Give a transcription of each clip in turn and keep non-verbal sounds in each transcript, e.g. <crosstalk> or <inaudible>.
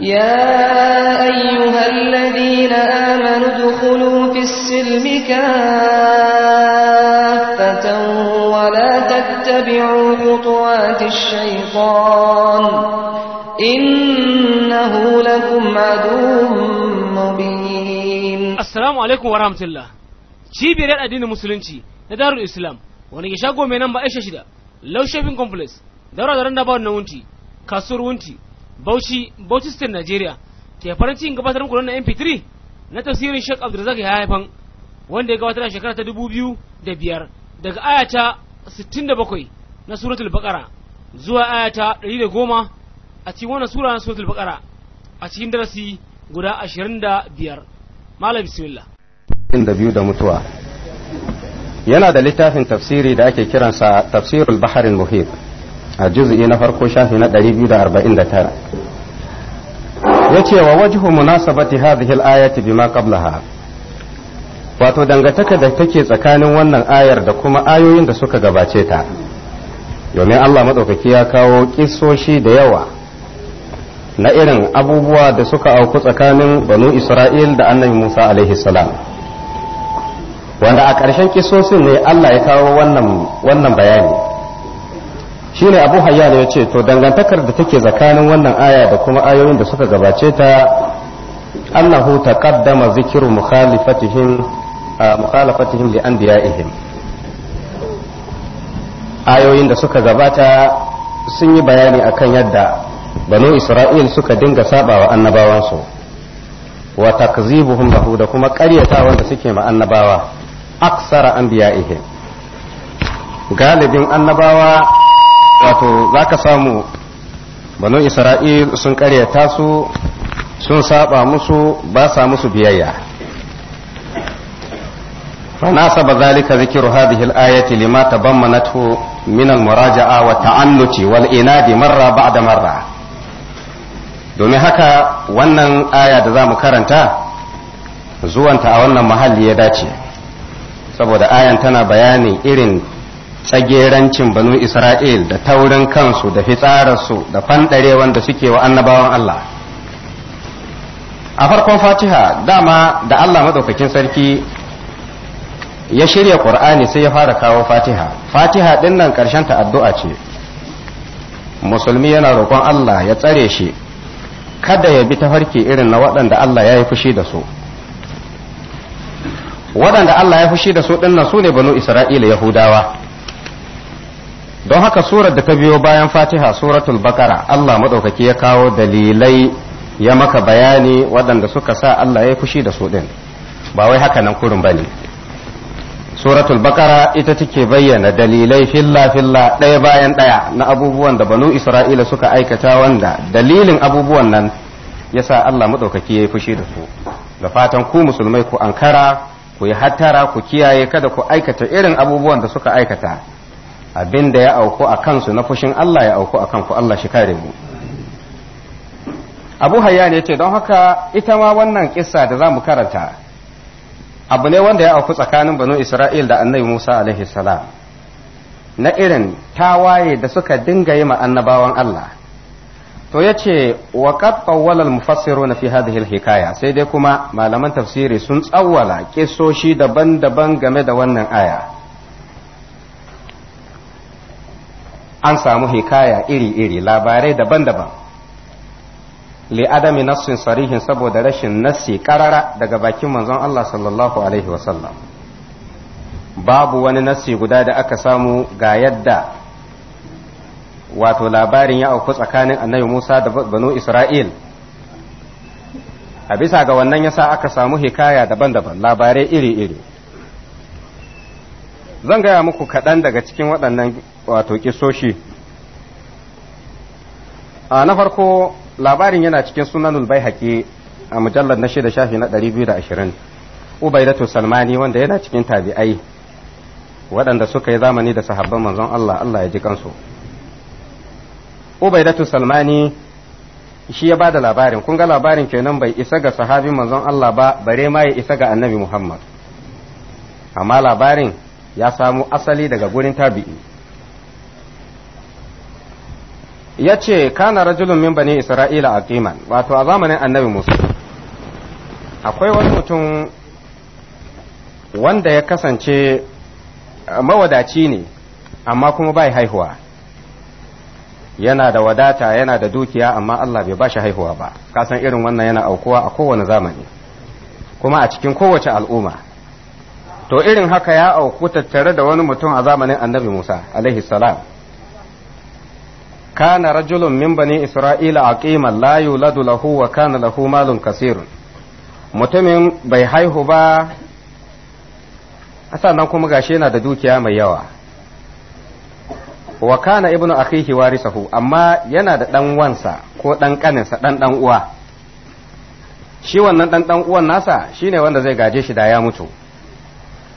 يا أيها الذين آمنوا ادخلوا في السلم كافة ولا تتبعوا خطوات الشيطان إنه لكم عدو مبين السلام عليكم ورحمة الله تشيبير الدين المسلم المسلمين ندار الإسلام وأنا ونجشاقو من نمبر إشاشدا لو شابين كومبلس دارو دارو نبار نونتي كسور ونتي Bauchi Bauchi State Nigeria ke farancin gabatar muku na MP3 na tasirin Sheikh Abdulrazak ya haifan wanda ya gabatar a shekara ta 2005 daga aya ta 67 na suratul baqara zuwa aya ta 110 a cikin wannan sura na suratul baqara a cikin darasi guda 25 malam bismillah da biyu da mutuwa yana da littafin tafsiri da ake kiransa tafsirul baharil muhit a juz'i na farko shafi na 249 yace wa wajhu munasabati hadhihi al-ayati bima qablaha wato dangantaka da take tsakanin wannan ayar da kuma ayoyin da suka gabace ta domin Allah madaukaki ya kawo kisoshi da yawa na irin abubuwa da suka auku tsakanin banu Isra'il da annabi Musa alaihi salam wanda a ƙarshen kisosin ne Allah ya kawo wannan wannan bayani shine abu hayyan ya ce to dangantakar da take tsakanin wannan aya da kuma ayoyin da suka gabace ta annahu taqaddama zikru mukhalifatihim mukhalafatihim li anbiya'ihim ayoyin da suka gabata sun yi bayani akan yadda banu isra'il suka dinga sabawa annabawansu wa takzibuhum lahu da kuma ƙaryatawan da suke ma annabawa aksara anbiya'ihim galibin annabawa wato za ka samu banu isra'il sun karyata su sun saba musu ba sa musu biyayya فناسب ذلك muraja a الآية an تضمنته wal ina والتعنت marra ba da marra domin haka wannan aya da za mu karanta zuwanta a wannan mahalli ya dace saboda ayan tana bayanin irin tsagerancin banu isra'il da taurin kansu da fitsararsu da fanɗare da suke wa annabawan Allah a farkon fatiha dama da Allah maɗaukakin sarki ya shirya ƙur'ani sai ya fara kawo fatiha fatiha ɗin nan ta'addu'a addu'a ce musulmi yana roƙon Allah ya tsare shi kada ya bi farki irin na waɗanda Allah ya yi fushi da su waɗanda Allah ya fushi da su ɗin nan su ne banu isra'ila yahudawa don haka surar da ta biyo bayan fatiha suratul bakara Allah maɗaukaki ya kawo dalilai ya maka bayani waɗanda suka sa Allah ya fushi da su ɗin ba wai haka nan kurin bane suratul bakara ita take bayyana dalilai filla filla ɗaya bayan ɗaya na abubuwan da banu isra'ila suka aikata wanda dalilin abubuwan nan ya sa Allah maɗaukaki ya fushi da su da fatan ku musulmai ku ankara ku yi hattara ku kiyaye kada ku aikata irin abubuwan da suka aikata abin da ya auku a kansu na fushin Allah ya auku a kanku Allah shi kare mu abu hayya ya ce don haka ita ma wannan kissa da zamu karanta abu ne wanda ya auku tsakanin banu isra'il da annabi musa alaihi salam na irin tawaye da suka dinga yi ma annabawan Allah to ya ce wa qad qawwala al fi hadhihi al-hikaya sai dai kuma malaman tafsiri sun tsawwala kissoshi daban-daban game da wannan aya an samu hikaya iri-iri labarai daban-daban li'adami nassin sarihin saboda rashin nassi karara daga bakin manzon Allah sallallahu alaihi wasallam babu wani nassi guda da aka samu ga yadda wato labarin ya auku tsakanin annabi Musa da banu Isra'il a bisa ga wannan yasa aka samu hikaya daban-daban labarai iri-iri zan gaya muku kaɗan daga cikin waɗannan wato kisoshi a na farko labarin yana cikin sunanul bai haƙi a mujallar na shida shafi na 220 ubaidatu salmani wanda yana cikin tabi'ai waɗanda suka yi zamani da sahabban manzon Allah Allah ya ji kansu ubaidatu salmani shi ya ba da labarin kun ga labarin kenan bai isa ga sahabin manzon Allah ba bare ma ya isa ga annabi Muhammad amma labarin ya samu asali daga gurin tabi'i ya ce kana rajulun min bani isra'ila a wato a zamanin annabi musa akwai wani mutum wanda ya kasance eh, mawadaci ne amma kuma bai haihuwa yana da wadata yana da dukiya amma Allah bai ba shi haihuwa ba kasan irin wannan yana aukuwa a kowane zamani kuma a cikin kowace al'umma to irin haka ya auku tattare da wani mutum a zamanin annabi musa alaihi salam kana rajulun min isra'ila aqiman la yuladu lahu wa kana lahu malun kasirun mutumin bai haihu ba sannan kuma gashi yana da dukiya mai yawa Wakana ibnu akhihi warisahu amma yana da ɗanwansa ko dan kaninsa ɗan dan uwa shi wannan ɗan dan uwan nasa shine wanda zai gaje shi da ya mutu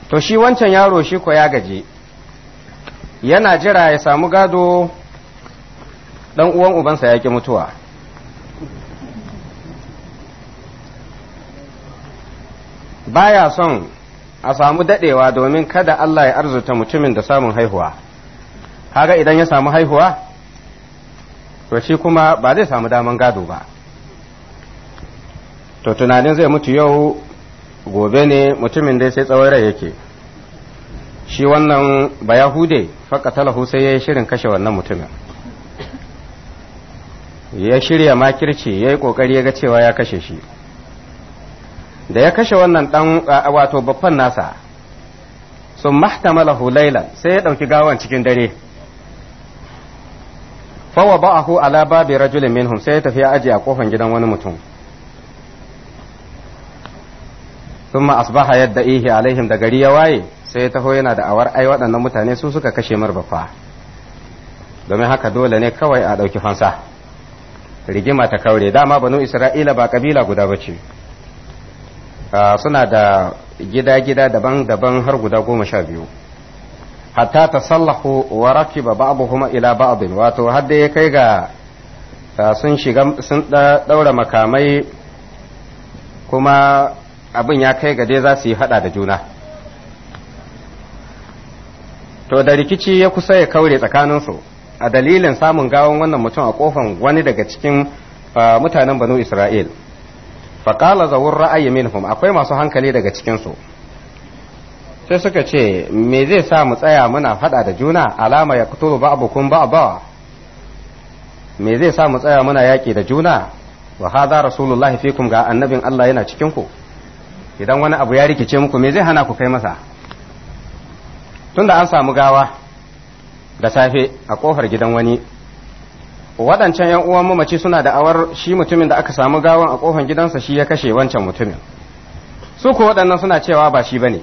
to shi wancan yaro shi ko ya gaji? yana jira ya samu gado dan uwan ubansa ya ki mutuwa baya son a samu dadewa domin kada Allah ya arzuta mutumin da samun haihuwa kaga idan ya samu haihuwa to shi kuma ba zai samu daman gado ba to tunanin zai mutu yau gobe ne mutumin dai sai tsawon rai yake shi wannan bayahude talahu sai ya yi shirin kashe wannan mutumin ya shirya makirci ya yi ƙoƙari ya ga cewa ya kashe shi da ya kashe wannan ɗan wato babban nasa sun mahtamala hulailan sai ya ɗauki gawan cikin dare fawa ba'ahu ala babi rajulin minhum sai ya tafi ya ajiye a kofan gidan wani mutum ma sun asbaha yadda ihi alaihim da gari ya waye sai ya taho yana da awar ai waɗannan mutane su suka kashe marbaffa domin haka dole ne kawai a ɗauki fansa rigima ta kaure dama banu isra'ila ba kabila guda ba ah, suna da gida-gida daban-daban har guda goma sha biyu hatta ta sallahu wa rakiba ba'dhum ila ba'd wato har da ya kai ga ah, sun shiga sun daura makamai kuma abin ya kai ga dai za su yi hada da juna to da rikici ya kusa ya kaure tsakaninsu a dalilin samun gawon wannan mutum a kofan wani daga cikin ah, mutanen banu isra'il faƙala zaun ra'ayi minhum akwai masu hankali daga cikinsu sai suka ce me zai sa mu tsaya muna faɗa da juna alama ya kuturu ba ba'aba me zai sa mu tsaya muna yaƙi da juna wa hadha rasulullahi fikum ga annabin Allah yana cikin idan wani abu ya rikice muku me zai hana ku kai masa tunda an samu gawa da safe a kofar gidan wani waɗancan yan uwan mamaci suna da awar shi mutumin da aka samu gawan a kofar gidansa shi ya kashe wancan mutumin su ko waɗannan suna cewa ba shi ba ne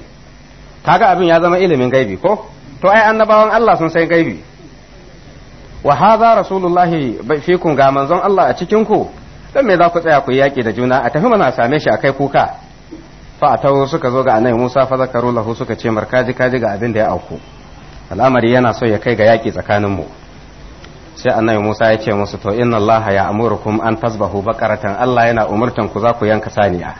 kaga abin ya zama ilimin gaibi ko to ai annabawan Allah sun san gaibi wa hadha rasulullahi fikum ga manzon Allah a cikin ku dan me za ku tsaya ku yi yaki da juna a tafi mana same shi a kai kuka fa a tawo suka zo ga annabi Musa fa zakaru lahu suka ce markaji kaji ga abin da ya auku al'amari yana so ya kai ga yaƙi mu sai annabi musa ya ce musu to inna allaha ya amurukum an tasbahu bakaratan allah yana umurtan ku za ku yanka saniya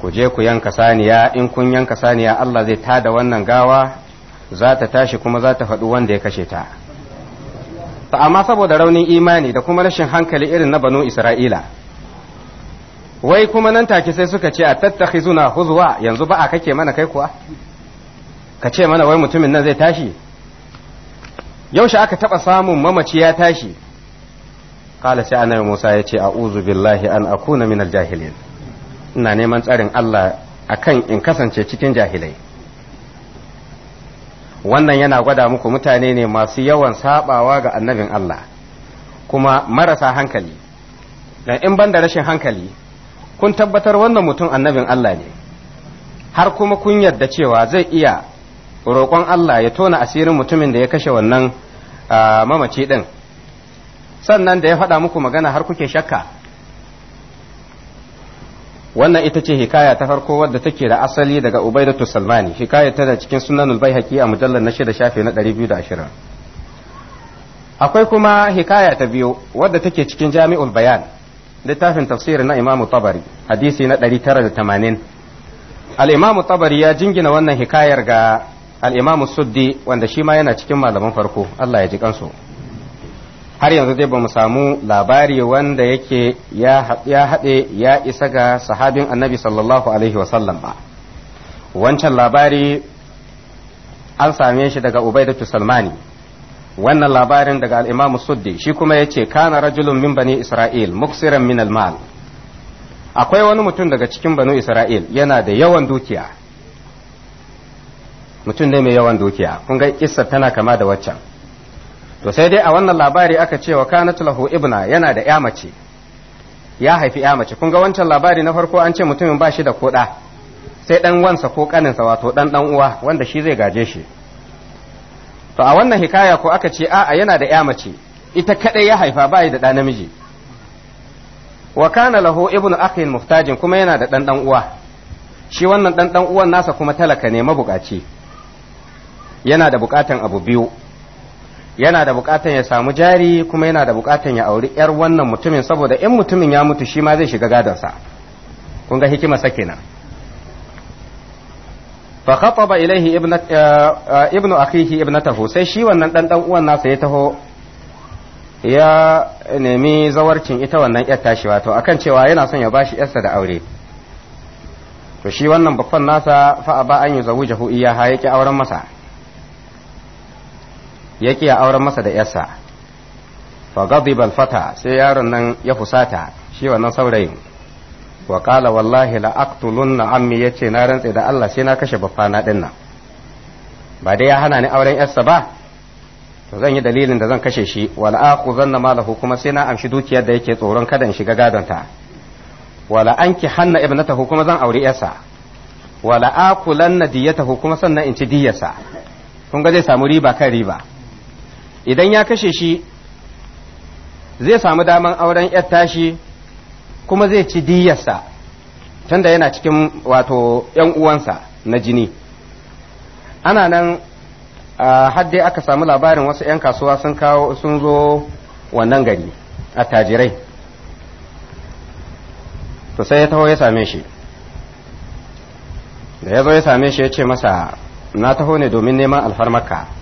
ku je ku yanka saniya in kun yanka saniya allah zai tada wannan gawa za ta tashi kuma za ta faɗi wanda ya kashe ta ta amma saboda raunin imani da kuma rashin hankali irin na banu isra'ila wai kuma nan take sai suka ce a tattakhizuna huzwa yanzu ba a kake mana kai kuwa ka ce mana wai mutumin nan zai tashi yaushe aka taɓa samun mamaci ya tashi kala sai annabi musa ya ce a'udhu billahi an akuna min jahilin ina neman tsarin allah akan in kasance cikin jahilai wannan yana gwada muku mutane ne masu yawan sabawa ga annabin allah kuma marasa hankali dan in ban da rashin hankali kun tabbatar wannan mutum annabin allah ne har kuma kun yarda cewa zai iya roƙon Allah ya tona asirin mutumin da ya kashe wannan mamaci ɗin sannan da ya faɗa muku magana har kuke shakka wannan ita ce hikaya ta farko wadda take da asali daga ubaidatu salmani hikaya tana cikin sunanul baihaqi a mujallar na shida shafe na 220 akwai kuma hikaya ta biyu wadda take cikin jami'ul bayan littafin tafsirin na imamu tabari hadisi na 980 al-imamu tabari ya jingina wannan hikayar ga al suddi wanda shi ma yana cikin malaman farko Allah ya ji kansu har yanzu dai bamu samu labari wanda yake ya haɗe ya isa ga sahabin annabi sallallahu alaihi wasallam ba wancan labari an same shi daga ubaidatu salmani wannan labarin daga al'imamu suddi shi kuma ya ce kana rajulun min bani isra'il muksiran min al-mal akwai wani mutum daga cikin banu isra'il yana da yawan dukiya mutum ne mai yawan dukiya kun ga kissa tana kama da waccan to sai dai a wannan labari aka ce wa kana lahu ibna yana da ya mace ya haifi ya mace kun ga wancan labari na farko an ce mutumin ba shi da koda sai dan wansa ko kaninsa wato dan dan uwa wanda shi zai gaje shi to a wannan hikaya ko aka ce a'a yana da ya mace ita kadai ya haifa bai da ɗa namiji wa kana lahu ibnu akhin muhtajin kuma yana da dan dan uwa shi wannan dan dan uwan nasa kuma talaka ne mabukaci yana da bukatan abu biyu yana da bukatan ya samu jari kuma yana da bukatan ya auri yar wannan mutumin saboda in mutumin ya mutu shi ma zai shiga gadonsa kun ga hikima sake nan fa khataba ilaihi eh, eh, ibnu akhihi ibnatahu sai shi wannan dan dan uwan nasa ya taho ya nemi zawarcin ita wannan yar tashi wato akan cewa yana son ya bashi yarsa da aure to shi wannan bakon nasa fa aba an yi zawujahu iyaha yake auren masa ya kiya auren masa da yarsa fa ghadiba al-fata sai yaron nan ya fusata shi wannan saurayin wa qala wallahi la aqtulunna ammi yace na rantse da Allah sai na kashe baffana din nan ba dai ya hana ni auren yarsa ba to zan yi dalilin da zan kashe shi wala akhuzanna malahu kuma sai na amshi dukiyar da yake tsoron kada in shiga gadonta wala anki hanna ibnatahu kuma zan auri yarsa wala akulanna diyatahu kuma sannan in ci diyarsa kun ga zai samu riba kan riba idan ya kashe shi zai samu daman auren ƴar tashi kuma zai ci diyarsa tunda yana cikin wato ‘yan uwansa na jini ana nan har dai aka samu labarin wasu ‘yan kasuwa sun kawo sun zo wannan gari a tajirai to sai ya taho ya same shi da ya zo ya same shi ya ce masa na taho ne domin neman alfarmaka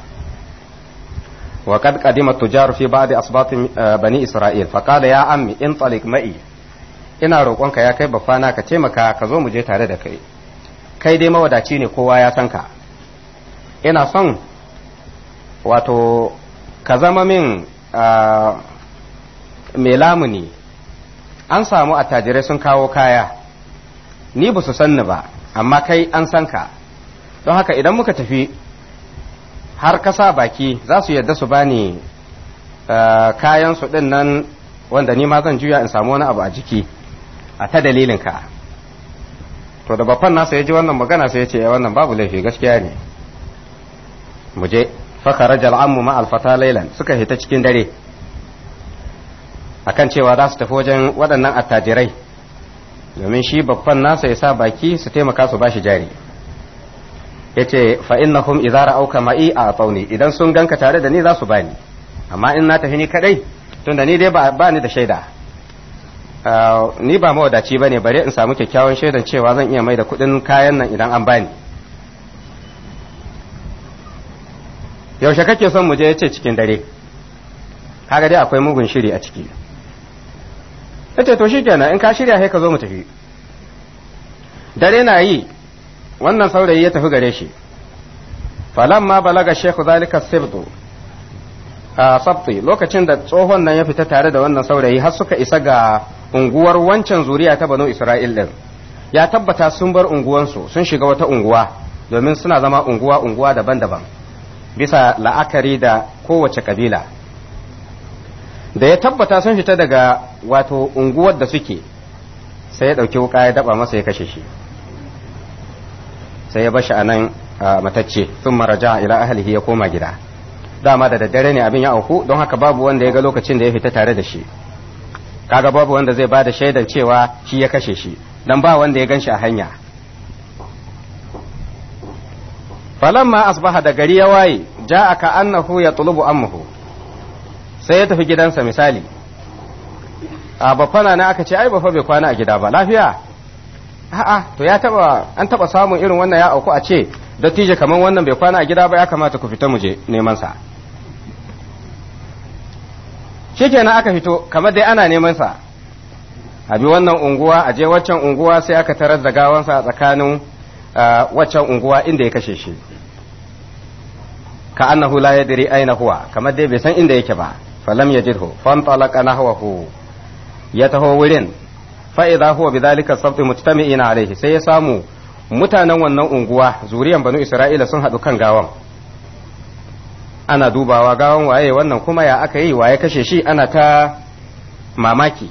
وقد قدم التجار في بعض أسباط بني إسرائيل فقال يا عمي انطلق معي ina roƙonka ya kai bafana ka taimaka ka zo mu je tare da kai kai dai mawadaci ne kowa ya san ka ina son wato ka zama min mai lamuni an samu attajirai sun kawo kaya ni ba su ni ba amma kai an san ka don haka idan muka tafi har ka sa baki za su yadda su bani eh, kayan su din nan wanda ni ma zan juya in samu wani abu a jiki a ta dalilin to da babban nasa ya ji wannan magana sai ya ce eh, wannan babu laifi gaskiya ne mu je fakaraja al'ammu ma alfata lailan suka hita cikin dare a kan cewa za su tafi wajen waɗannan attajirai domin shi babban nasa ya sa baki su taimaka su ba shi jari yace fa innahum idza ra'auka ma'i a tsauni idan sun ganka tare da ni za su bani amma in na tafi ni kadai tunda ni dai ba ni da shaida ah, ni ba mawadaci ne bare in samu kyakkyawan shaidan cewa zan iya mai da kudin kayan nan idan an bani yaushe kake son mu je yace cikin dare kaga dai akwai mugun shiri a ciki yace to shikenan in ka shirya sai ka zo mu tafi dare na yi wannan saurayi ya tafi gare shi falamma balaga shekhu zalika sirdu a sabti lokacin da tsohon nan ya fita tare da wannan saurayi har suka isa ga unguwar wancan zuriya ta banu isra'il din ya tabbata sun bar unguwansu sun shiga wata unguwa domin suna zama unguwa unguwa daban-daban bisa la'akari da kowace kabila da ya tabbata sun fita daga wato unguwar da suke sai ya ɗauki wuka ya daba masa ya kashe shi sai ya bashi anan matacce sun maraja ila ahlihi ya koma gida dama da daddare ne abin ya auku don haka babu wanda ya ga lokacin da ya fita tare da shi kaga babu wanda zai ba da shaidan cewa shi ya kashe shi dan ba wanda ya gan shi a hanya falamma asbaha da gari ya waye ja'a ka annahu ya tulubu ammuhu sai ya tafi gidansa misali a bafana na aka ce ai bafa bai kwana a gida ba lafiya a'a to ya taba an taba samun irin wannan ya auku a ce dattijo kaman wannan bai kwana a gida ba ya kamata ku fita mu je neman sa shikenan aka fito kamar dai ana neman sa a bi wannan unguwa a je waccan unguwa sai aka tarar da gawansa a tsakanin waccan unguwa inda ya kashe shi ka annahu la yadri aina huwa kamar dai bai san inda yake ba falam yajidhu fan nahwahu ya taho wurin fa idza huwa bidhalika sabt mujtami'ina alaihi sai ya samu mutanen wannan unguwa zuriyan banu isra'ila sun haɗu kan gawan ana dubawa gawan waye wannan kuma ya aka yi waye kashe shi ana ta mamaki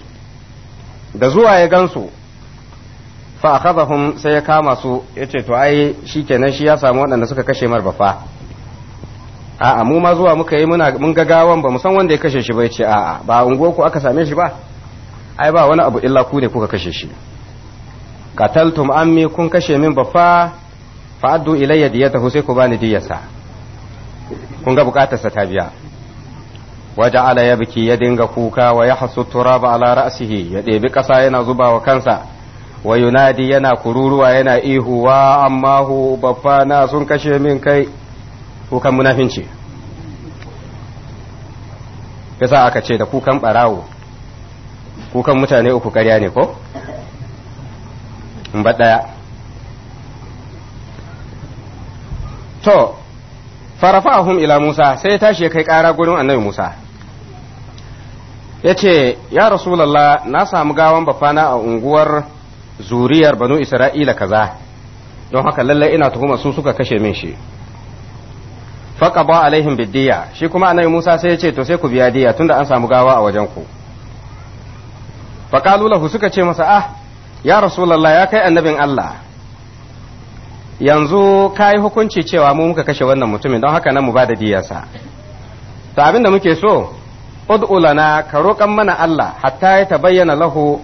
da zuwa ya gansu fa akhadhahum sai ya kama su yace to ai shikenan shi ya samu waɗanda suka kashe mar bafa a'a mu ma zuwa muka yi muna mun ga gawan ba mu san wanda ya kashe shi ba yace a'a ba unguwar ku aka same shi ba ai ba wani abu illa ku ne kuka kashe shi qataltum ammi kun kashe min baffa fa addu ilayya diyatahu sai ku bani diyasa kun ga bukatar sa ta biya waja'ala yabki ya dinga kuka wa hasu turaba ala ra'sihi ya ɗebi kasa yana zuba wa kansa wa yunadi yana kururuwa yana ihu wa amma hu na sun kashe min kai kukan munafinci yasa aka ce da kukan barawo kukan mutane uku karya ne ko in ba ɗaya to farafahum ila Musa sai ya tashi ya kai ƙara gurin annabi Musa ya ce ya rasulallah na samu gawan bafana a unguwar zuriyar banu isra'ila kaza don haka lallai ina tuhuma su suka kashe min shi a alaihim biddiya shi kuma annabi Musa sai ya ce to sai ku biya diya tunda an samu gawa a wajen ku faƙalu lahu suka ce masa ah ya rasulallah ya kai annabin Allah yanzu ka yi hukunci cewa mu muka kashe wannan mutumin don haka nan mu ba da diyarsa to abin da muke so ud'u lana ka roƙan mana Allah hatta ya tabayyana lahu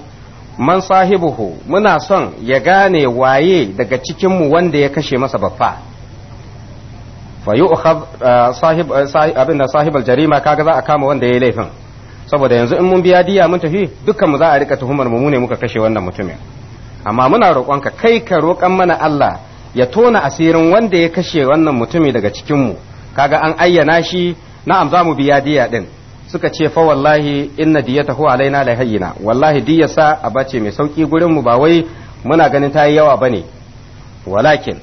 man sahibuhu muna son ya gane waye daga cikin mu wanda ya kashe masa baffa fa yu'khad eh, sahib eh, abin da sahibul jarima kaga za a kama wanda ya yi laifin saboda yanzu in mun biya diya mun tafi dukkan mu za a rika tuhumar mu ne muka kashe wannan mutumin amma muna roƙonka kai ka roƙan mana Allah ya tona asirin wanda ya kashe wannan mutumi daga cikin mu kaga an ayyana shi na'am za mu biya diya din suka ce fa wallahi inna huwa alaina la hayyina wallahi diyasa a bace mai sauki gurin mu ba wai muna ganin ta yi yawa bane walakin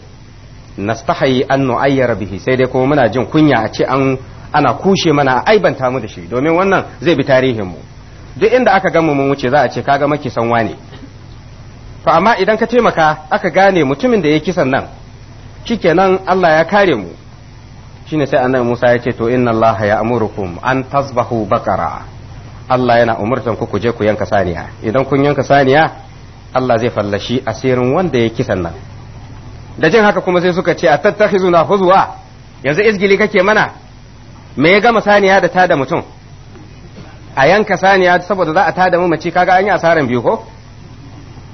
nastahayi an nu'ayyara bihi sai dai kuma muna jin kunya a ce an ana kushe mana a aibanta mu da shi domin wannan zai bi tarihin mu duk inda aka gan mu mun wuce za a ce kaga san wane to amma idan ka taimaka aka gane mutumin da ya kisan nan shikenan Allah ya kare mu shine sai annabi Musa ya ce to inna Allah ya amurukum an tasbahu baqara Allah yana umurtan ku je ku yanka saniya idan kun yanka saniya Allah zai fallashi asirin wanda ya kisan nan da jin haka kuma sai suka ce a tattakhizuna huzwa yanzu izgili kake mana me ya gama saniya da tada mutum a yanka saniya saboda za a tada mamaci kaga an yi asaran biyu ko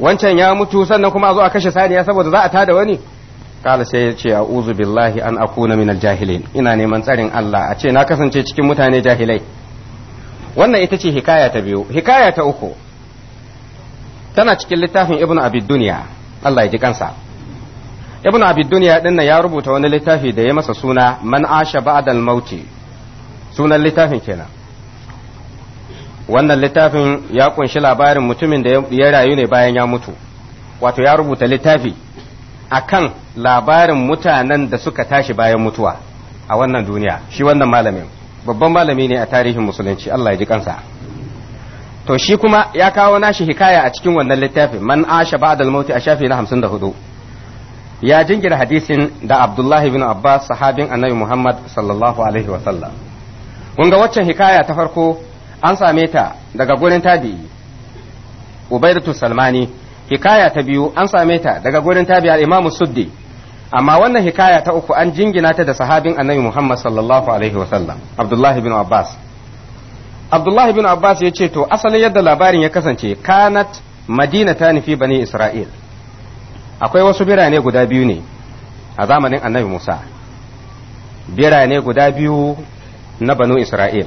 wancan ya mutu sannan kuma a zo a kashe saniya saboda za a tada wani kala sai ya ce a'uzu billahi an akuna min jahilin ina neman tsarin Allah a ce na kasance cikin mutane jahilai wannan ita ce hikaya ta biyu hikaya ta uku tana cikin littafin ibnu abid dunya Allah ya ji kansa ibnu abid dunya din ya rubuta wani littafi da ya masa suna man asha ba'dal mauti sunan littafin kenan wannan littafin ya kunshi labarin mutumin da ya rayu ne bayan ya mutu wato ya rubuta littafi akan labarin mutanen da suka tashi bayan mutuwa a wannan duniya shi wannan malamin babban malami ne a tarihin musulunci Allah ya ji kansa to shi kuma ya kawo nashi hikaya a cikin wannan littafin man asha ba'da al a shafi na 54 ya jingira hadisin da Abdullahi bin Abbas sahabin Annabi Muhammad sallallahu alaihi wa sallam kun ga waccan hikaya ta farko an same ta daga gurin tabi'i ubaidatu salmani hikaya ta biyu an same ta daga gurin tabi al-imamu suddi amma wannan hikaya ta uku an jingina ta da sahabin annabi muhammad sallallahu alaihi wasallam abdullahi bin abbas abdullahi bin abbas ya ce to asalin yadda labarin ya kasance kanat madina ta nufi bane isra'il akwai wasu birane guda biyu ne a zamanin annabi musa birane guda biyu na banu Isra'il.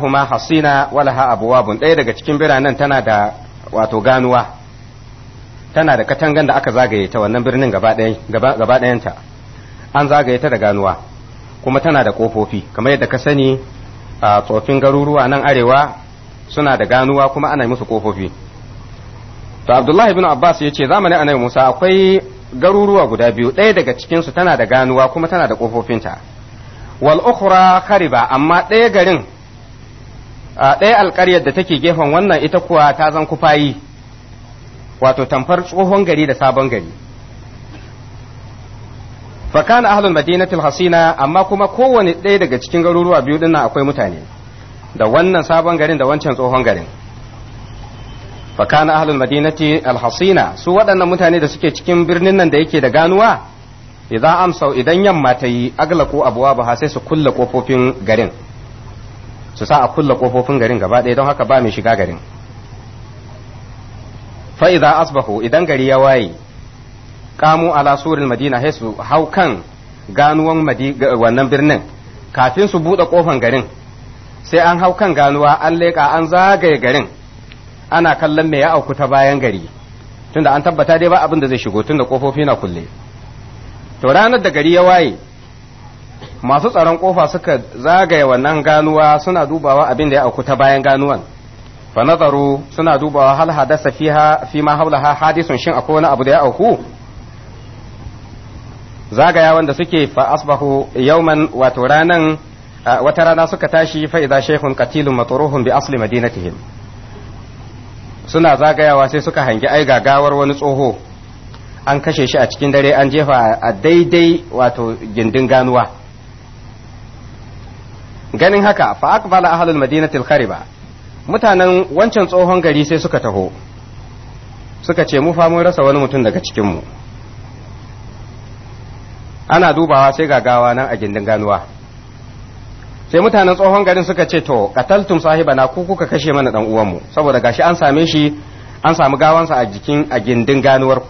huma hasina walaha bun ɗaya daga cikin biranen tana da wato ganuwa, tana da katangan da aka zagaye ta wannan birnin gaba ɗayanta, an zagaye ta da ganuwa, kuma tana da ƙofofi, kamar yadda ka sani a tsofin garuruwa nan arewa suna da ganuwa kuma ana musu ƙofofi. To Abdullahi bin Abbas ya ce zamanin Annabi Musa akwai garuruwa guda biyu ɗaya daga cikinsu tana da ganuwa kuma tana da ƙofofinta. wal ukhra khariba amma ɗaya garin ɗaya alƙaryar da take gefen wannan ita kuwa ta zan kufayi wato tamfar tsohon gari da sabon gari fakan ahlul madinatul hasina amma kuma kowane ɗaya daga cikin garuruwa biyu nan akwai mutane da wannan sabon garin da wancan tsohon garin fakan ahlul madinati alhasina su waɗannan mutane da suke cikin birnin nan da yake da ganuwa idan amsa idan yamma ta yi aglaku abuwa ba sai su kulle kofofin garin su sa a kulle kofofin garin gaba ɗaya don haka ba mai shiga garin fa idza asbahu idan gari ya waye kamu ala suril madina sai su hau kan ganuwan wannan birnin kafin su buɗe kofan garin sai an hau kan ganuwa an leƙa an zagaye garin ana kallon me ya auku ta bayan gari tunda an tabbata dai ba abin da zai shigo tunda kofofi na kulle to ranar da gari ya waye masu tsaron kofa suka zagaya wannan ganuwa suna dubawa abin da ya auku ta bayan ganuwan fa nazaru suna dubawa hal hadasa fiha fi ma haulaha hadisun shin akwai wani abu da ya auku zagaya wanda suke fa asbahu yawman wato ranan wata rana suka tashi fa idza shaykhun qatilun matruhun bi asli madinatihim suna zagayawa sai suka hangi ai gagawar wani tsoho an kashe shi a cikin dare an jefa a daidai wato gindin ganuwa ganin haka fa aqbala ahlul madinatil khariba mutanen wancan tsohon gari sai suka taho suka ce mu fa mun rasa wani mutum daga cikin mu ana dubawa sai gagawa nan a gindin ganuwa sai mutanen tsohon garin suka ce to qataltum sahibana ku kuka kashe mana dan uwanmu saboda gashi an same shi an samu gawansa a jikin a gindin ganuwar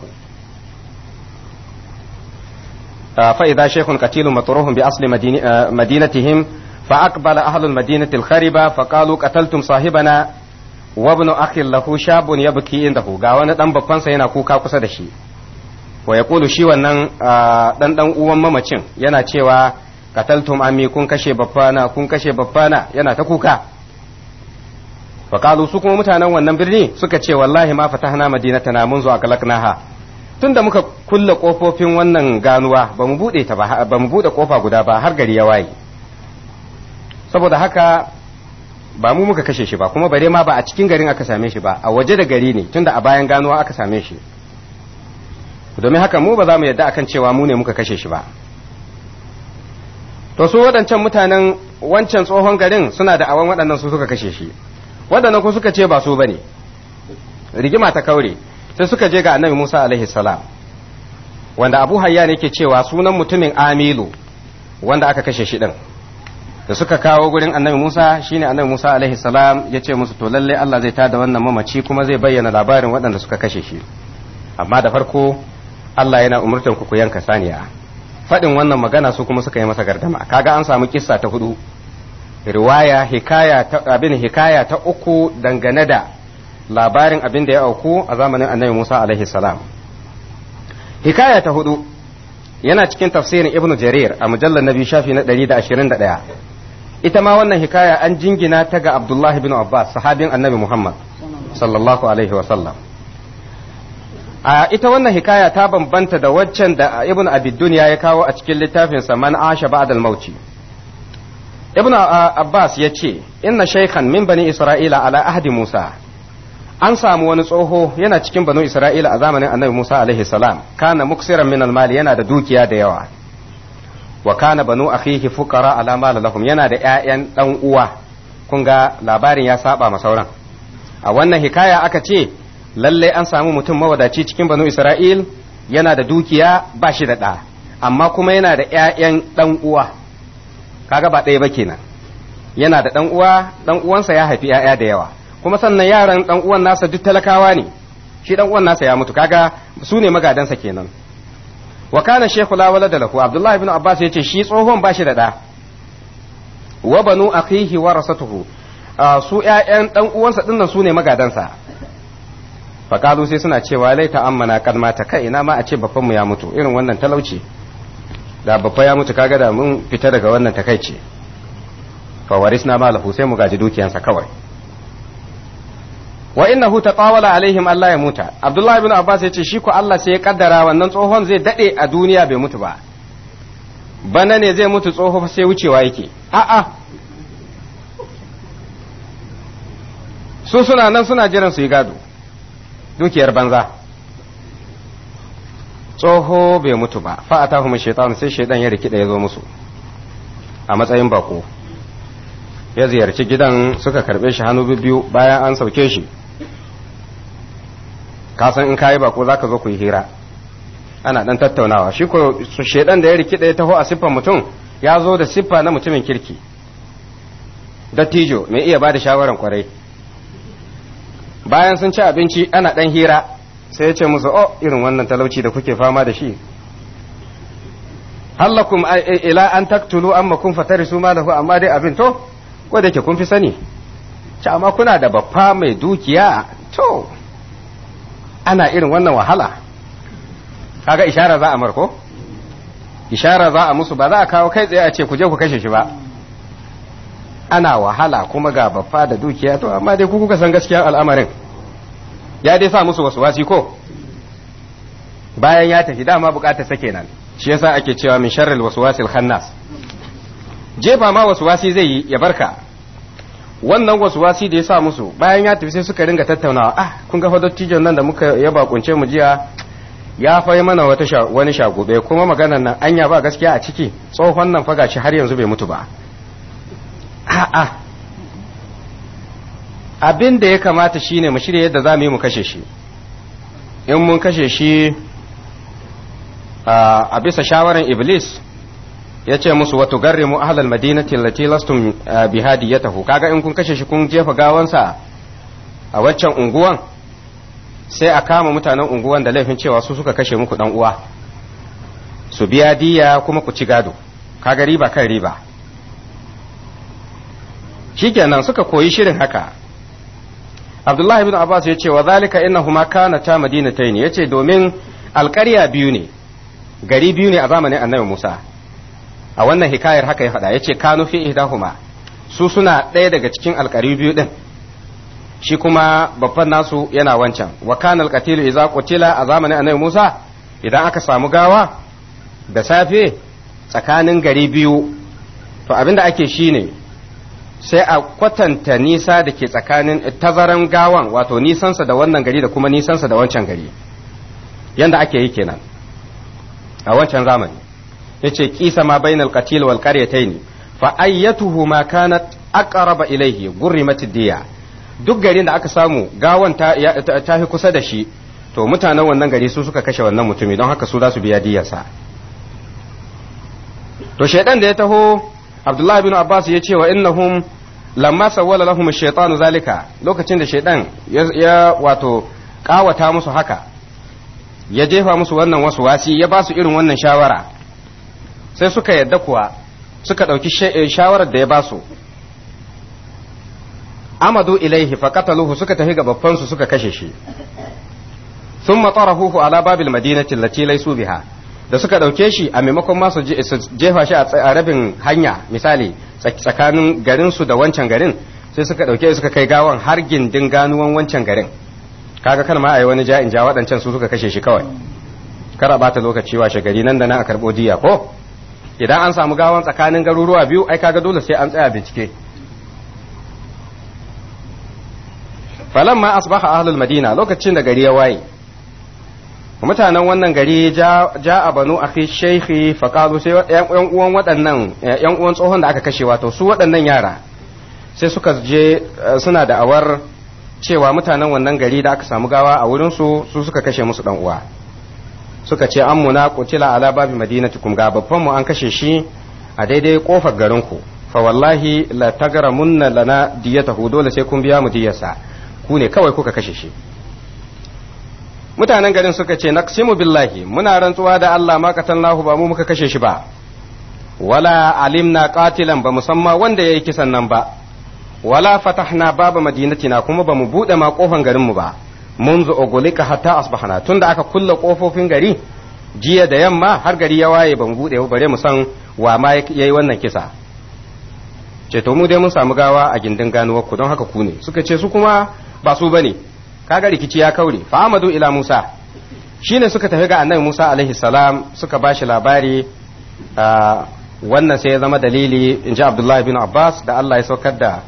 فإذا شيخ قتيل مطروح بأصل مدينتهم فأقبل أهل المدينة الخربة فقالوا قتلتم صاحبنا وابن أخ له شاب يبكي عنده قاوانا دم ببانسا ينا كوكا كسدشي ويقول شي wannan dan dan uwan mamacin yana cewa qataltum ammi kun kashe babbana kun kashe babbana yana ta kuka faqalu su kuma mutanen wannan birni suka ce wallahi ma fatahna madinatana munzu akalaknaha tunda muka kulle kofofin wannan ganuwa ba mu bude ta ba mu bude kofa guda ba har gari ya waye saboda haka ba mu muka kashe shi ba kuma bare ma ba a cikin garin aka same shi ba a waje da gari ne tunda a bayan ganuwa aka same shi domin haka mu ba za mu yadda akan cewa mu ne muka kashe shi ba to su waɗancan mutanen wancan tsohon garin suna da awan waɗannan su suka kashe shi waɗannan ko suka ce ba su bane rigima ta kaure sai suka je ga annabi Musa alaihi salam wanda Abu Hayyan yake cewa sunan mutumin Amilu wanda aka kashe shi din da suka kawo gurin annabi Musa shine annabi Musa alaihi salam ya ce musu to lalle Allah zai tada wannan mamaci kuma zai bayyana labarin waɗanda suka kashe shi amma da farko Allah yana umurtan ku ku yanka saniya faɗin wannan magana su kuma suka yi masa gardama kaga an samu kissa ta hudu riwaya hikaya ta abin hikaya ta uku dangane da labarin abin da ya auku a zamanin annabi Musa alaihi salam hikaya ta hudu yana cikin tafsirin ibnu jarir a mujallar nabi shafi na 121 ita ma wannan hikaya an jingina ta ga abdullahi bin abbas sahabin annabi muhammad sallallahu alaihi wa sallam a ita wannan hikaya ta bambanta da waccan da ibnu abidduniya ya kawo a cikin littafinsa man asha ba'dal mauci ibnu abbas ya ce inna shaykhan min bani isra'ila ala ahdi musa an samu wani tsoho yana cikin banu isra'ila a zamanin annabi musa alaihi salam kana muksiran min al-mali yana da dukiya da yawa wa kana banu akhihi fuqara ala mal lahum yana da ƴaƴan dan uwa kun ga labarin ya saba ma sauran a wannan hikaya aka ce lalle an samu mutum mawadaci cikin banu isra'il yana da dukiya ba shi da ɗa amma kuma yana da ƴaƴan dan uwa kaga ba ɗaya ba kenan yana da dan uwa dan uwansa ya haifi ƴaƴa da yawa kuma sannan yaran dan uwan nasa duk talakawa ne shi dan uwan nasa ya mutu kaga su ne magadansa kenan wa kana shaykhul awwal da lahu abdullahi ibn abbas yace shi tsohon bashi da da wa banu akhihi rasatuhu su ƴaƴan dan uwansa dinnan su ne magadansa fakalu sai suna cewa laita ammana kad mata kai ina ma a ce babban mu ya mutu irin wannan talauci da babba ya mutu kaga da mun fita daga wannan takaici fa warisna malahu sai mu gaji dukiyansa kawai wa hu taqawala alaihim Allah ya muta Abdullah ibn Abbas yace shi ko Allah sai ya kaddara wannan tsohon zai dade a duniya bai mutu ba bana ne zai mutu tsoho sai wucewa yake a'a su suna nan suna jiran su yi gado dukiyar banza tsoho bai mutu ba fa atahum shaitan sai shaitan ya rikida ya zo musu a matsayin bako ya ziyarci gidan suka karbe shi hannu biyu bayan an sauke shi ka san in kayi bako zaka zo ku yi hira ana dan tattaunawa shi ko shedan da ya da ya taho a siffar mutum ya zo da siffa na mutumin kirki dattijo mai iya bada shawaran kwarai bayan sun ci abinci ana dan hira sai ya ce musu oh irin wannan talauci da kuke fama da shi hallakum e, ila an taktulu amma kun fatarisu malahu amma dai abin to ko da kun fi sani ci amma kuna da baffa mai dukiya to ana irin wannan wahala kaga ishara za a marko ishara za a musu ba za a kawo kai tsaye a ce ku je ku kashe shi ba ana wahala kuma ga baffa da dukiya to amma dai kuka san gaskiya al'amarin ya dai sa musu wasu wasi ko bayan ya tafi dama bukatar sa nan shi yasa ake cewa min sharril waswasil khannas jefa ma waswasi zai yi ya barka wannan wasu wasi da ya sa musu bayan ya tafi sai suka ringa tattaunawa ah kun ga tijon nan da muka ya bakunce mu jiya ya fayi mana wata wani shagube kuma maganar nan anya ba gaskiya a ciki tsohon nan fa shi har yanzu bai mutu ba a'a abin da ya kamata shine mu shirya yadda za mu yi mu kashe shi in mun kashe shi a bisa shawarar iblis ya ce musu wato garri mu ahlal madinati allati lastum eh, bihadi ya tahu kaga in kun kashe shi kun jefa gawansa a waccan unguwan sai a kama mutanen unguwan da laifin cewa su suka kashe muku dan uwa su biya diya kuma ku ci gado kaga riba kan riba shikenan suka koyi shirin haka Abdullahi ibn Abbas ya ce wa zalika innahuma kana ta madinatayn yace domin alƙarya biyu ne gari biyu ne a zamanin Annabi Musa a wannan hikayar haka ya faɗa ya ce kanu fi ihdahuma su suna ɗaya daga cikin alƙari biyu ɗin shi kuma babban nasu yana wancan wa kan alƙatilu iza qutila a zamanin annabi Musa idan aka samu gawa da safe tsakanin gari biyu to abinda ake ne sai a kwatanta nisa da ke tsakanin tazaran gawan wato nisansa da wannan gari da kuma nisansa da wancan gari yanda ake yi kenan a wancan zamani yace kisa ma bainal qatil wal qaryatayn fa ayyatuhuma kanat aqraba ilayhi gurrimat diya duk garin da aka samu gawan ta ta kusa da shi to mutanen wannan gari su suka kashe wannan mutumi don haka su za su biya diyarsa to shaidan da ya taho abdullahi bin abbas ya ce wa innahum lamma sawwala lahum shaytanu zalika lokacin da shaidan ya wato kawata musu haka ya jefa musu wannan wasu wasi ya ba su irin wannan shawara sai suka yadda kuwa suka ɗauki eh, shawarar da ya ba su amadu ilaihi faqataluhu suka tafi ga babbansu suka kashe shi sun huhu ala babil madinati allati laysu biha da suka ɗauke shi a maimakon masu su jefa shi a rabin hanya misali tsakanin garinsu da wancan garin sai suka ɗauke suka kai gawan har gindin ganuwan wancan garin kaga kan ma a yi wani ja'in ja waɗancan su suka kashe shi kawai kara bata lokaci washe gari nan da na a karɓo diya ko idan an samu gawan tsakanin garuruwa biyu ai kaga dole sai an tsaya bincike falamma asbaha ahlul madina lokacin da gari ya waye mutanen wannan gari ja a banu akhi shaykhi faqalu sai yan uwan waɗannan eh, yan uwan tsohon da aka kashe wato su waɗannan yara sai suka je eh, suna da awar cewa mutanen wannan gari da aka samu gawa a wurin su su suka kashe musu dan uwa suka ce an muna kutila ala babi madinatikum ga babban mu an kashe shi a daidai kofar garin ku fa wallahi la tagramunna lana hu dole sai kun biya mu diyarsa ku ne kawai kuka kashe shi mutanen garin suka ce naqsimu billahi muna rantsuwa da Allah ma katallahu ba mu muka kashe shi ba wala alimna qatilan ba musamma wanda yayi kisan nan ba wala fatahna baba madinatina kuma ba mu bude ma kofan garin mu ba munzu ogulika hatta asbahana tunda aka kulle kofofin gari jiya da yamma har gari ya waye ban bude ba bare mu san wa ma yayi wannan kisa ce to mu dai mun samu gawa a gindin ganuwar ku don haka ku ne suka ce su kuma ba su bane kaga rikici ya kaure fa amadu ila musa shine suka tafi ga annabi musa alaihi salam suka bashi labari wannan sai ya zama dalili in ji abdullahi bin abbas da allah ya saukar da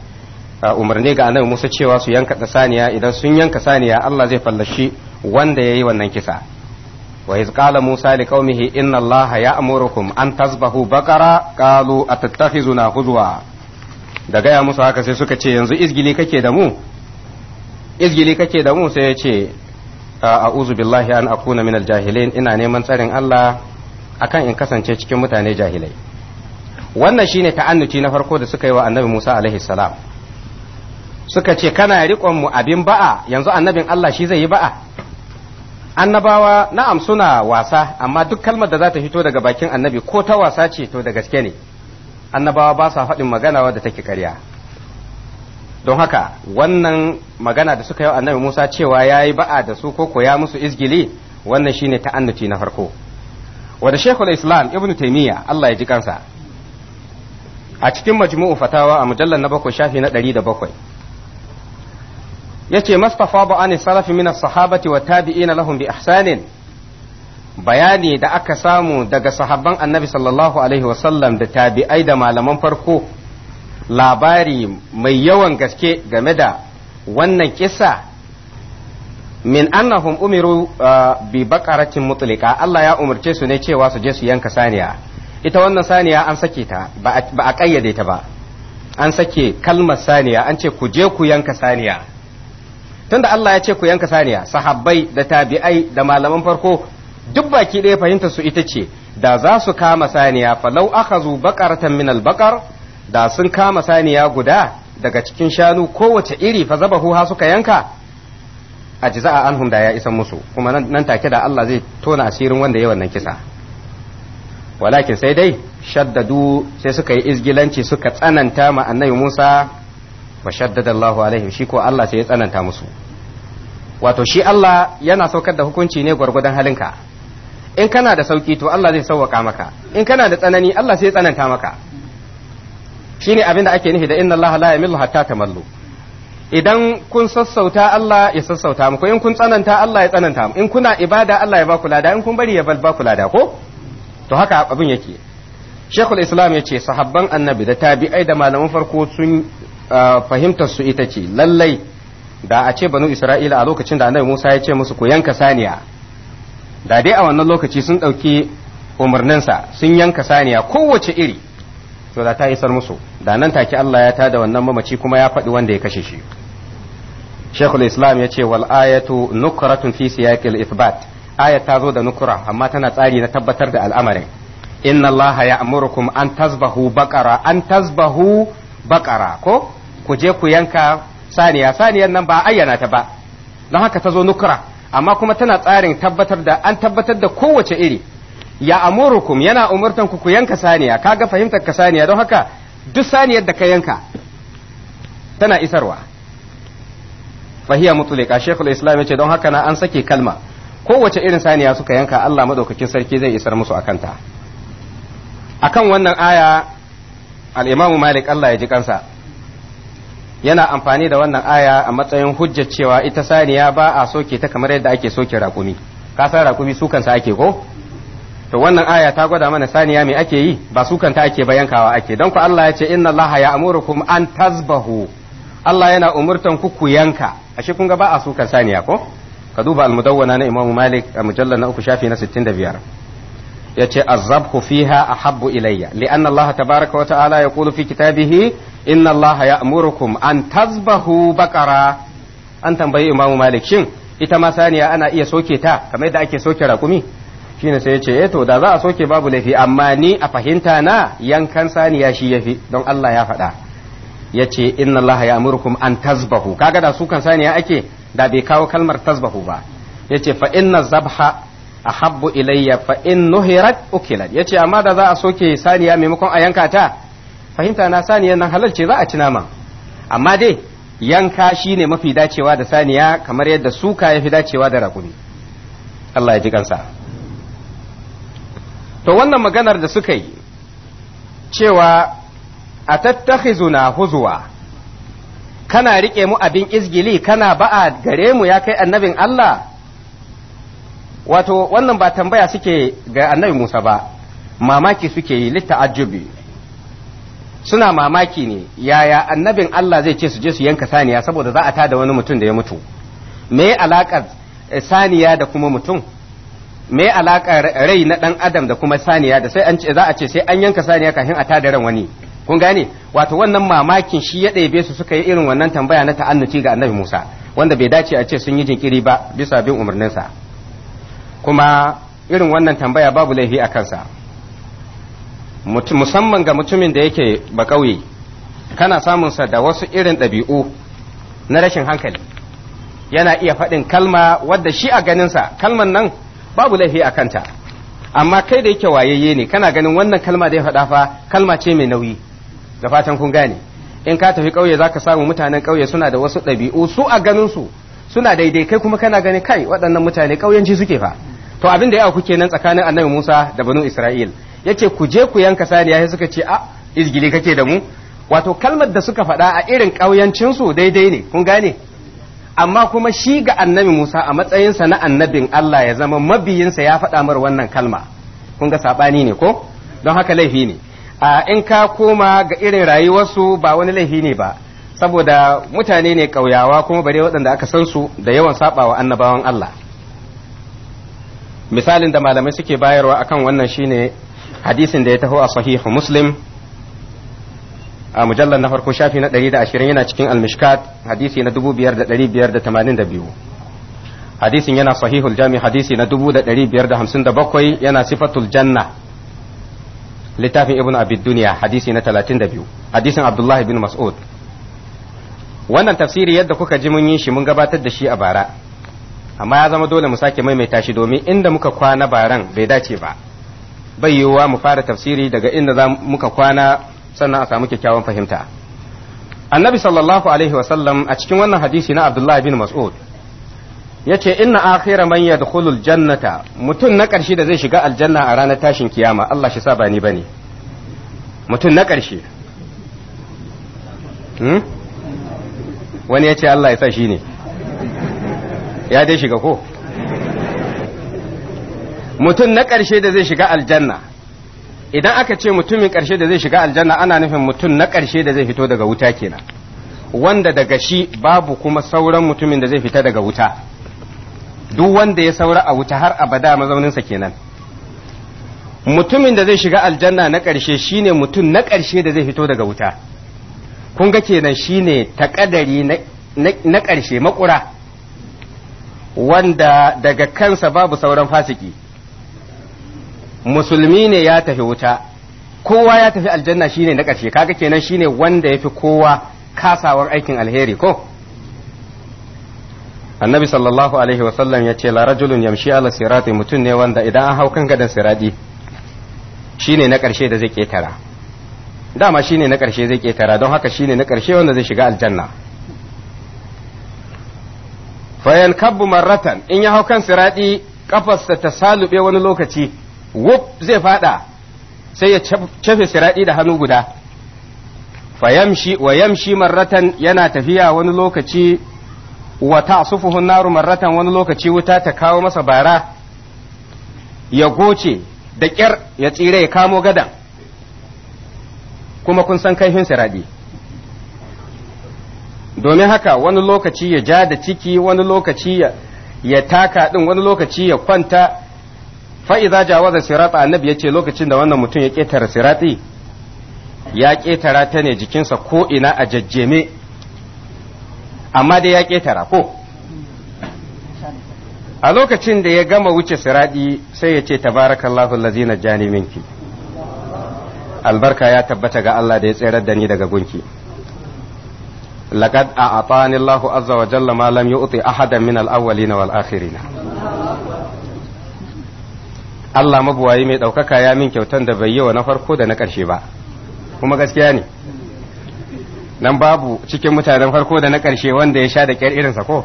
umarni ga annabi Musa cewa su yanka ta saniya idan sun yanka saniya Allah zai fallashi wanda yayi wannan kisa wa iz qala Musa li qaumihi inna Allah ya'murukum an tasbahu baqara qalu atattakhizuna huzwa da gaya musa haka sai suka ce yanzu izgili kake da mu izgili kake da mu sai ya ce a'udhu billahi an akuna min al ina neman tsarin Allah akan in kasance cikin mutane jahilai wannan shine ta'annuci na farko da suka yi wa annabi Musa alaihi salam suka ce kana riƙon mu abin ba'a yanzu annabin Allah shi zai yi ba'a annabawa na'am suna wasa amma duk kalmar da za ta fito daga bakin annabi ko ta wasa ce to da gaske ne annabawa ba sa faɗin magana wadda take karya. don haka wannan magana da suka yi annabi Musa cewa ya yi ba'a da su ko ya musu izgili wannan shine ta'annuti na farko wadda shekul islam ibn taimiyya Allah ya ji kansa a cikin majmu'u fatawa a mujallar na bakwai shafi na ɗari da bakwai yace mastafadu an salafi min as-sahabati wa tabi'ina lahum bi ihsanin bayani da aka samu daga sahabban annabi sallallahu alaihi sallam da tabi'ai da malaman farko labari mai yawan gaske game da wannan kisa min annahum umiru uh, bi baqaratin mutlika Allah ya umarce su ne cewa su je su yanka saniya ita wannan saniya an sake ta ba a kayyade ta ba an sake kalmar saniya an ce ku je ku yanka saniya tunda Allah ya ce ku yanka saniya sahabbai da tabi'ai da malaman farko duk baki ɗaya fahimtar su ita ce da za su kama saniya falau akhazu baqaratan min al-baqar da sun kama saniya guda daga cikin shanu kowace iri fa zabahu ha suka yanka ajza'a anhum da ya isa musu kuma nan take da Allah zai tona asirin wanda ya wannan kisa walakin sai dai shaddadu sai suka yi izgilanci suka tsananta ma annabi Musa wa shaddada Allahu alaihi shi ko Allah sai ya tsananta musu wato shi Allah yana saukar da hukunci ne gwargwadon halinka in kana da sauki to Allah zai sauwaka maka in kana da tsanani Allah sai ya tsananta maka shine abin da ake nufi da inna Allah la yamillu hatta tamallu idan kun sassauta Allah ya sassauta muku in kun tsananta Allah ya tsananta muku in kuna ibada Allah ya ba ku lada in kun bari ya bar ba baku lada ko to haka abin yake Shekul Islam ya ce sahabban annabi da tabi'ai da malaman farko sun Ah, fahimtar su ita ce lallai da a ce banu isra'ila a lokacin da annabi musa ya ce musu ku yanka saniya da dai a wannan lokaci sun ɗauki umarninsa sun yanka saniya kowace iri to da ta isar musu da nan take allah ya tada wannan mamaci kuma ya faɗi wanda ya kashe shi shekul islam ya ce wal ayatu nukratun fi siyaqil ithbat aya ta zo da nukura amma tana tsari na tabbatar da al'amarin inna allaha ya'murukum an tasbahu baqara an tasbahu bakara ko ku je ku yanka saniya saniyar nan ba ayyana ta ba don haka ta zo nukura amma kuma tana tsarin tabbatar da an tabbatar da kowace iri ya amurukum yana umurtan ku ku yanka saniya kaga fahimtar ka saniya don haka duk saniyar da ka yanka tana isarwa fahiya mutulika shekul islam ya ce don haka na an sake kalma kowace irin saniya suka yanka allah madaukakin sarki zai isar musu akanta akan wannan aya al'imamu malik Allah ya ji kansa yana amfani da wannan aya a matsayin hujjar cewa ita saniya ba a soke ta kamar yadda ake soke rakumi ka san raƙumi sukansa ake ko to wannan aya ta gwada mana saniya mai ake yi ba sukanta ake ba yankawa ake don ku Allah ya ce inna Allah ya amurukum an tazbahu Allah yana umurtan ku yanka ashe kun ga ba a sukan saniya ko ka duba al-mudawwana na imamu Malik a mujallal na uku shafi na 65 yace azabhu fiha a habbu ilayya li'anna tabaraka tabaaraka wa ta'ala yaqulu fi kitabihi inna Allah ya'murukum an tazbahu baqara an tambayi Imam Malik shin ita ma saniya ana iya soke ta kamar yadda ake sauke rakumi shine yace eh to da za a soke babu laifi amma ni a fahimta na yankan saniya shi yafi don Allah ya faɗa yace inna Allah ya'murukum an tazbahu kaga da su kan saniya ake da bai kawo kalmar tazbahu ba yace fa inna zabha ahabbu ilayya fa in nuhirat ukilat yace amma da za a soke saniya maimakon a yanka ta fahimta na saniyan nan halal ce za a ci nama amma dai yanka shine mafi dacewa da saniya kamar yadda suka yafi dacewa da raƙumi Allah ya ji kansa to wannan maganar da suka yi cewa a tattakhizuna huzuwa kana rike mu abin izgili kana ba'a gare mu ya kai annabin Allah wato wannan ba tambaya suke ga annabi Musa ba mamaki suke yi litta'ajjubi suna mamaki ne yaya annabin Allah zai ce su je su yanka saniya saboda za a tada wani mutum da ya mutu me alakar eh, saniya da kuma mutum me alakar rai na dan adam da kuma saniya da sai an ce za a ce sai an yanka saniya kafin a tada ran wani kun gane wato wannan mamakin shi ya ɗebe su suka yi irin wannan tambaya na ta'annuci ga annabi Musa wanda bai dace a ce sun yi jinkiri ba bisa bin umarninsa kuma irin wannan tambaya babu laifi a kansa musamman ga mutumin da yake bakauye kana samunsa da wasu irin ɗabi'u na rashin hankali yana iya faɗin kalma wadda shi a ganinsa kalman nan babu laifi a kanta amma kai da yake wayayye ne kana ganin wannan kalma da ya faɗa fa kalma ce mai nauyi da fatan kun gane in ka tafi ƙauye za ka samu mutanen ƙauye suna da wasu ɗabi'u su a ganinsu suna daidai kai kuma kana ganin kai waɗannan mutane ci suke fa to abin da ya kuke kenan tsakanin annabi Musa da banu Isra'il yace ku je ku yanka saniya sai suka ce a ah, izgili kake da mu wato kalmar da suka faɗa a irin ƙauyancin su daidai ne kun gane amma kuma shi ga annabi Musa a matsayinsa na annabin Allah ya zama mabiyinsa ya faɗa mar wannan kalma kun ga sabani ne ko don haka laifi ne a in ka koma ga irin rayuwarsu ba wani laifi ne ba saboda mutane ne ƙauyawa kuma bare waɗanda aka san su da yawan sabawa annabawan Allah misalin da malamai suke bayarwa akan wannan shine hadisin da ya taho a sahihu muslim a mujallar na farko shafi na 120 yana cikin almishkat hadisi na 5582 hadisin yana sahihul jami hadisi na 1557 yana sifatul janna littafin ibn abid duniya hadisi na 32 hadisin Abdullahi bin mas'ud wannan tafsiri yadda kuka ji mun yi shi mun gabatar da shi a bara amma ya zama dole mu sake maimaita shi domin inda muka kwana baran bai dace ba bai yiwuwa mu fara tafsiri daga inda za muka kwana sannan a samu kyakkyawan fahimta annabi sallallahu alaihi wasallam a cikin wannan hadisi na abdullahi bin mas'ud ya ce inna akhira man yadkhulu jannata mutum na karshe da zai shiga aljanna a ranar tashin kiyama Allah shi sa ba ni bane mutum na hmm? wani ya ce Allah ya sa shi ne ya dai shiga ko mutum na ƙarshe da zai shiga aljanna idan aka ce mutumin ƙarshe da zai shiga aljanna ana nufin mutum na ƙarshe da zai fito daga wuta kenan wanda daga shi babu kuma sauran mutumin da zai fita daga wuta duk wanda ya saura a wuta har abada mazauninsa kenan mutumin da zai shiga aljanna na ƙarshe shine mutum na ƙarshe da zai fito daga wuta kun ga kenan shine ta ƙadari na ƙarshe makura wanda daga kansa babu sauran fasiki musulmi ne ya tafi wuta kowa ya tafi aljanna shine na ƙarshe kaga kenan shine wanda ya fi kowa kasawar aikin alheri ko annabi sallallahu alaihi wasallam ya ce la rajulun yamshi ala sirati mutum ne wanda idan an hau kan gadan sirati shine na ƙarshe da zai ketara dama shine na ƙarshe zai ketara don haka shine na ƙarshe wanda zai shiga aljanna fayan kabbu marratan in ya hau kan siradi kafarsa ta salube wani lokaci wuf zai fada sai ya cafe siradi da hannu guda fayamshi wa yamshi marratan yana tafiya wani lokaci wa ta'sufuhu naru marratan wani lokaci wuta ta kawo masa bara ya goce da ƙyar ya tsire ya kamo gadan kuma kun san kaifin siradi domin haka wani lokaci ya ja da ciki wani lokaci ya taka ɗin wani lokaci ya kwanta fa'iza jawaza sirata annabi ya ce lokacin da wannan mutum ya ƙetare sirati ya ƙetara ta ne jikinsa ko ina a jajjeme amma dai ya ƙetara ko a lokacin da ya gama wuce siradi sai ya ce tabarakallahu lazina jani minki albarka ya tabbata ga Allah da ya tsayar da ni daga gunki laqad a'atani Allahu azza wa jalla ma lam yu'ti ahadan min al-awwalin wal akhirin Allah mabuwayi mai ɗaukaka ya min kyautan da bai yi wa na farko da na ƙarshe ba kuma gaskiya ne nan babu cikin mutanen farko da na ƙarshe wanda ya sha da ƙyar irinsa ko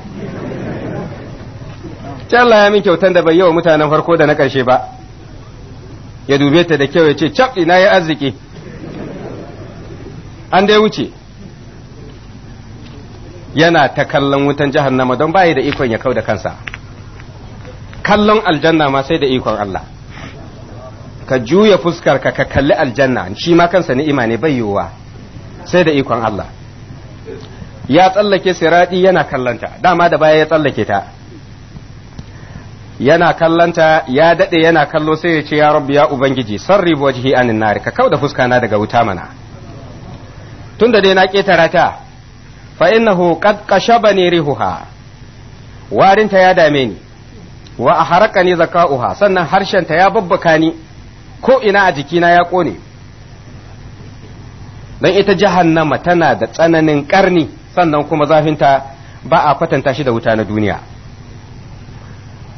Allah ya min kyautan da bai yi wa mutanen farko da na ƙarshe ba ya dube ta da kyau ya ce cap ina ya arziki an dai wuce yana ta kallon wutan jahannama don bayi da ikon ya kau da kansa kallon aljanna ma sai da ikon Allah ka juya fuskar ka ka kalli aljanna shi ma kansa ni'ima ne bai yiwuwa sai da ikon Allah ya tsallake siradi yana kallonta dama da baya ya tsallake ta yana kallonta ya dade yana kallo sai ya ce ya rabbi ya ubangiji sarri wajhi anin nar ka kauda fuskana daga wuta mana tunda dai na ketara ta fa innahu qad qashabani rihuha warinta ya dame ni wa aharaqani zaka'uha sannan harshen ta ya babbaka ni ko ina a jikina ya kone dan ita jahannama tana da tsananin karni sannan kuma zafinta ba a kwatanta shi da wuta na duniya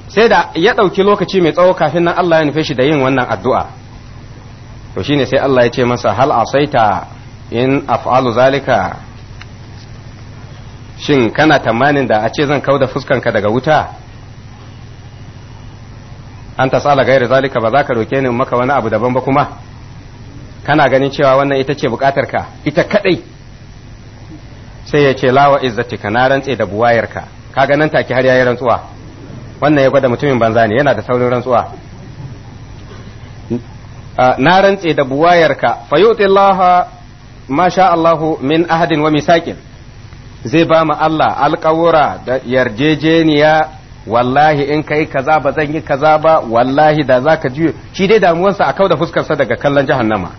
sai da ya ɗauki lokaci mai tsawo kafin nan Allah ya nufe shi da yin wannan addu'a to shine sai Allah ya ce masa hal asaita in af'alu zalika shin kana tamanin da a ce zan kauda fuskanka daga wuta an ta tsala gairar zalika ba za ka roke ni maka wani abu daban ba kuma kana ganin cewa wannan ita ce ka ita kadai sai ya ce lawa ka na rantse da buwayarka ganin ta take har yayi rantsuwa wannan ya gwada mutumin banza ne yana da saurin rantsuwa na rantse da buwayarka fa yuti masha Allahu min ahadin wa misaqin zai ba mu Allah alƙawura da yarjejeniya wallahi in kai kaza ba zan yi kaza ba wallahi da za ka shi dai damuwansa a kauda fuskarsa daga kallon jahannama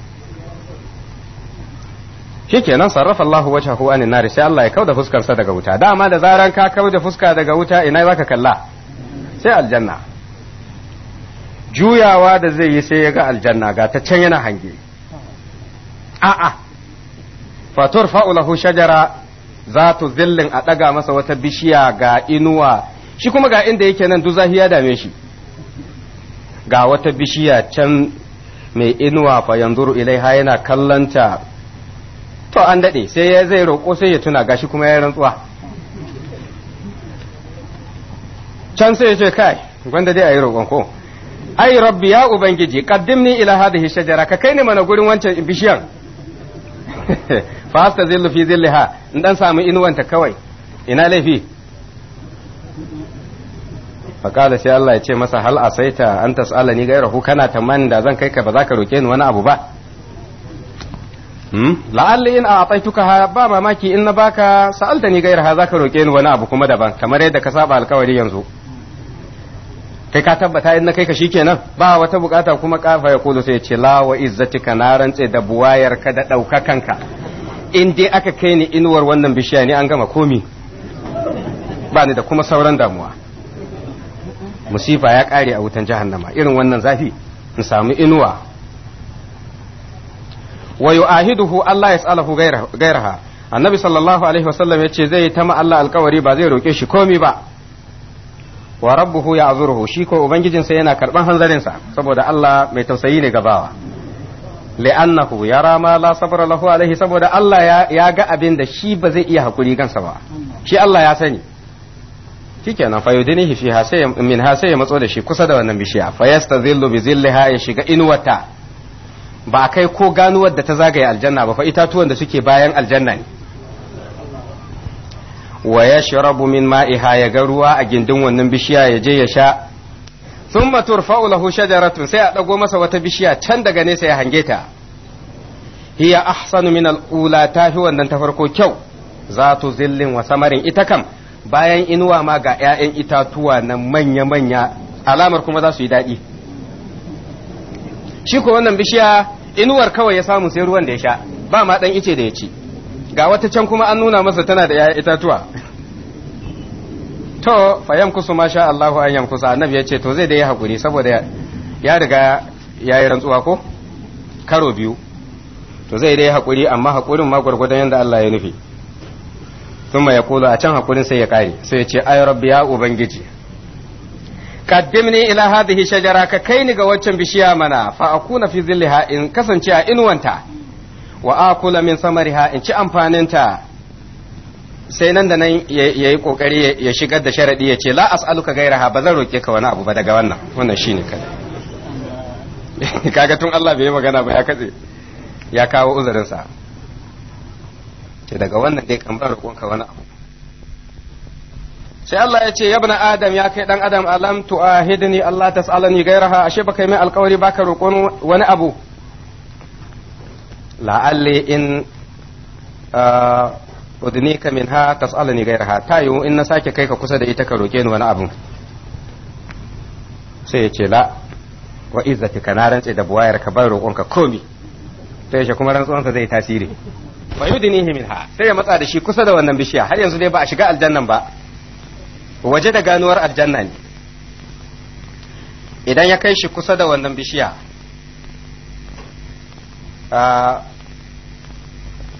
kenan sarrafa Allahu wajhahu anin nari sai Allah ya kauda fuskarsa daga wuta dama da zaran ka da fuska daga wuta ina zaka kalla sai aljanna juyawa da zai yi sai ya ga aljanna ga ta can yana hange a'a fatur fa'ulahu shajara za tu zillin a ɗaga masa wata bishiya ga inuwa shi kuma ga inda yake nan duk ya dame shi ga wata bishiya can mai inuwa fa yanzu ilaiha yana kallanta to an daɗe sai ya zai roƙo sai ya tuna gashi kuma ya rantsuwa can sai ya ce kai gwanda dai a yi roƙon ko ai rabbi ya ubangiji ni ila hadhihi shajara ka kai ni mana gurin wancan bishiyan <laughs> fasta zillu fi zilliha in dan samu inuwanta kawai ina laifi faƙala sai Allah ya ce masa hal asaita an tas'ala ni gairahu kana tamanin da zan kai ka ba za ka roke ni wani abu ba hmm? la'alli in a ha ba mamaki in na baka sa'alta ni gairaha za ka roke ni wani abu kuma daban kamar yadda ka saba alkawari yanzu kai ka tabbata in na kai ka shikenan ba wata bukata kuma kafa ya kudu sai ce la wa izzatika na rantse da ka da ka. in dai aka kai ni inuwar wannan bishiya ne an gama komi ba ni da kuma sauran damuwa musifa ya kare a wutan jahannama irin wannan zafi in samu inuwa wa yu'ahiduhu Allah ya yas'alahu gairaha annabi sallallahu alaihi wasallam ce zai ta Allah alkawari ba zai roke shi komi ba wa rabbuhu ya'zuruhu shi ko ubangijinsa yana karban hanzarinsa saboda Allah mai tausayi ne gabawa li'annahu ya rama la sabra lahu alaihi saboda Allah ya ga abin da shi ba zai iya hakuri kansa ba shi Allah ya sani shikenan fa yudinihi fi hasay min hasay ya matso da shi kusa da wannan bishiya fa yastazillu bi zillaha ya shiga inuwata ba kai ko ganuwar da ta zagaye aljanna ba fa itatuwan da suke bayan aljanna ne wa yashrabu min ma'iha ya ga ruwa a gindin wannan bishiya ya je ya sha sun turfa'u lahu shajaratun sai a ɗago masa wata bishiya can daga nesa ya hange ta hiya ahsanu min al'ula ta fi wannan ta farko kyau tu zillin wa samarin ita kam bayan inuwa ma ga 'ya'yan itatuwa na manya-manya alamar kuma za su yi daɗi shi ko wannan bishiya inuwar kawai ya samu sai ruwan da ya sha ba ma ɗan ice da ya ci ga wata can kuma an nuna masa tana da 'ya'yan itatuwa to fa ma sha Allahu an kusa annabi ya ce to zai da yi hakuri saboda ya riga ya yi rantsuwa ko karo biyu to zai yi hakuri amma hakurin ma gwargwadon yadda Allah ya nufi sun ya kula a can hakurin sai ya kare sai ya ce ay rabbi ya ubangiji qaddimni ila hadhihi shajara ka kaini ga waccan bishiya mana fa akuna fi zilliha in kasance a inuwanta wa akula min samariha in ci amfaninta sai nan da nan ya yi kokari ya shigar da sharaɗi ya ce la as'aluka gairaha ba zan roke ka wani abu ba daga wannan wannan shine kadai <laughs> kaga tun Allah bai magana ba ya katse ya kawo uzurin sa ce daga wannan dai kan ba roƙon ka wani abu sai Allah ya ce yabna adam ya kai dan adam alam tu'ahidni Allah tas'alani gairaha ashe baka yi mai alƙawari baka roƙon wani abu la'alli in uh, udnika ha tas'alani ghayraha ta yiwu in na sake kai ka kusa da ita ka roke ni wani abu sai ya ce la wa izzati ka na da buwayar ka bar roƙon ka komi ya yace kuma rantsuwansa zai tasiri wa yudnihi ha sai ya matsa da shi kusa da wannan bishiya har yanzu dai ba a shiga aljannan ba waje da ganuwar aljanna ne idan ya kai shi kusa da wannan bishiya ah,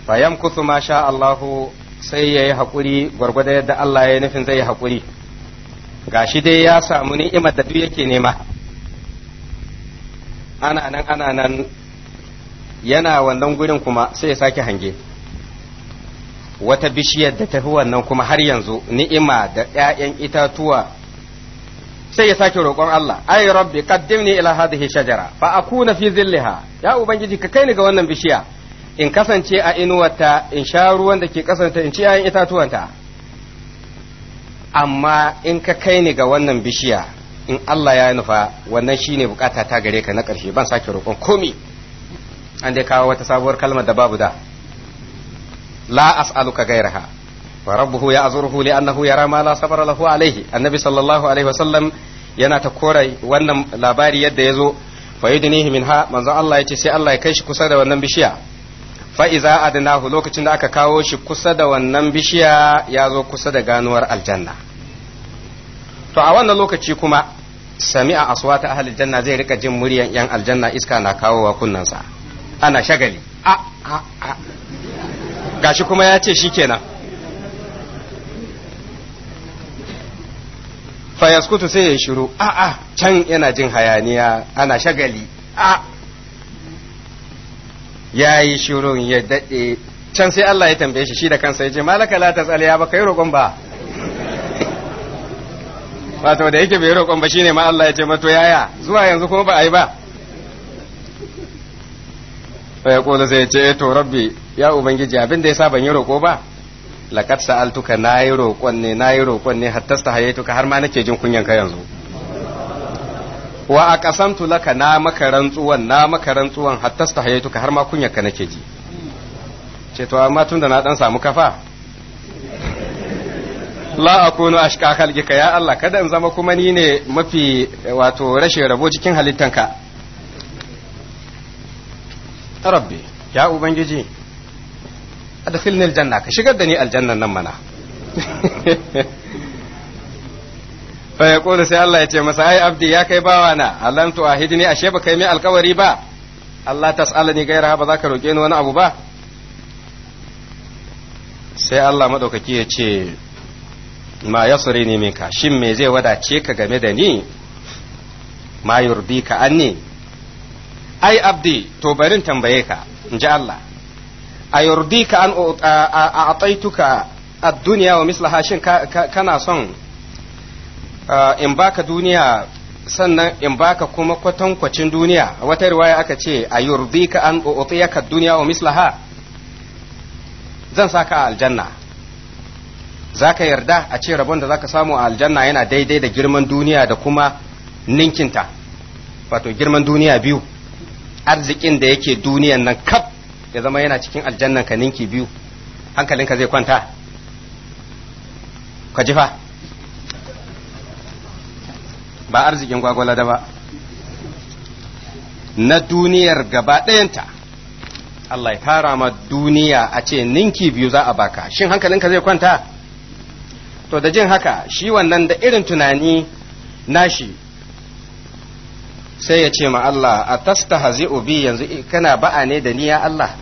fa yamkuthu ma sha Allahu sai ya yi haƙuri gwargwada yadda Allah ya yi nufin zai yi haƙuri ga shi dai ya samu ni'imar da duk yake nema ana nan ana nan yana wannan gurin kuma sai ya sake hange wata bishiyar da tafi wannan kuma har yanzu ni'ima da 'ya'yan itatuwa sai ya sake roƙon Allah ai rabbi qaddimni ila hadhihi shajara fa akuna fi zillaha ya ubangiji ka kai ni ga wannan bishiya in kasance a inuwarta in sha ruwan da ke kasanta in ci ‘ya'yan itatuwanta amma in ka kai ni ga wannan bishiya in Allah ya nufa wannan shine bukata ta gare ka na ƙarshe ban sake roƙon komi an dai kawo wata sabuwar kalmar da babu da la as'aluka gairaha wa rabbuhu ya azurhu li annahu yara ma la sabara lahu alaihi annabi sallallahu alaihi wasallam yana ta korai wannan labari yadda ya zo fa yudnihi minha manzon Allah ya ce sai Allah ya kai shi kusa da wannan bishiya fa'iza adnahu lokacin da aka kawo shi kusa da wannan bishiya ya zo kusa da ganuwar aljanna to a wannan lokaci kuma sami'a aswata ahli janna zai rika jin muryan yan aljanna iska na kawo wa kunnansa ana shagali a a a gashi kuma ya ce shikenan fayaskutu sai ya shiru a a can yana jin hayaniya ana shagali a ya yi shirun ya daɗe can sai Allah ya tambaye shi shi da kansa ya ce malaka la ta tsaliya ba kai roƙon ba wato da yake bai roƙon ba shine ma Allah ya ce mato yaya zuwa yanzu kuma ba a yi ba sai kola sai ya ce eh to rabbi ya ubangiji abin da yasa ban yi roƙo ba altuka sa'altuka nayi roƙon ne nayi roƙon ne hatta hayatuka har ma nake jin kunyan ka yanzu wa a ƙasamtu laka na maka rantsuwan na maka rantsuwan hattas ta hayaitu ka har ma kunyarka nake ji ce to amma da na dan samu kafa la akunu ashqa khalqika ya Allah kada in zama kuma ni ne mafi wato rashin rabo cikin halittanka rabbi ya ubangiji adkhilni aljanna ka shigar da ni aljannan nan mana <laughs> fa yaqulu sai Allah ya ce masa ai abdi ya kai na alam tu ahidni ashe ba kai mai alkawari ba Allah tas'alani gaira ba za ka roke ni wani abu ba sai Allah madaukaki ya ce ma yasri ni minka shin me zai wadace ka game da ni ma yurdi ka anni ai abdi to barin tambaye ka in ji Allah a yurdi ka an a ataituka ad-dunya wa mislaha shin kana son Uh, in baka duniya sannan in baka kuma kwatankwacin duniya wata riwaya aka ce a yurdika an utiyaka duniya wa mislaha zan saka a aljanna zaka yarda a ce rabon da ka samu a aljanna yana daidai da girman duniya da kuma ninkinta wato girman duniya biyu arzikin da yake duniyan nan kaf ya zama yana cikin aljannan ka ninki biyu hankalinka zai kwanta ka jifa ba arzikin da ba na duniyar gaba ɗayanta Allah ya tara ma duniya a ce ninki biyu za a baka shin hankalinka zai kwanta to da jin haka shi wannan da irin tunani nashi sai ya ce ma Allah a tasta bi yanzu kana ba'a ne da niya Allah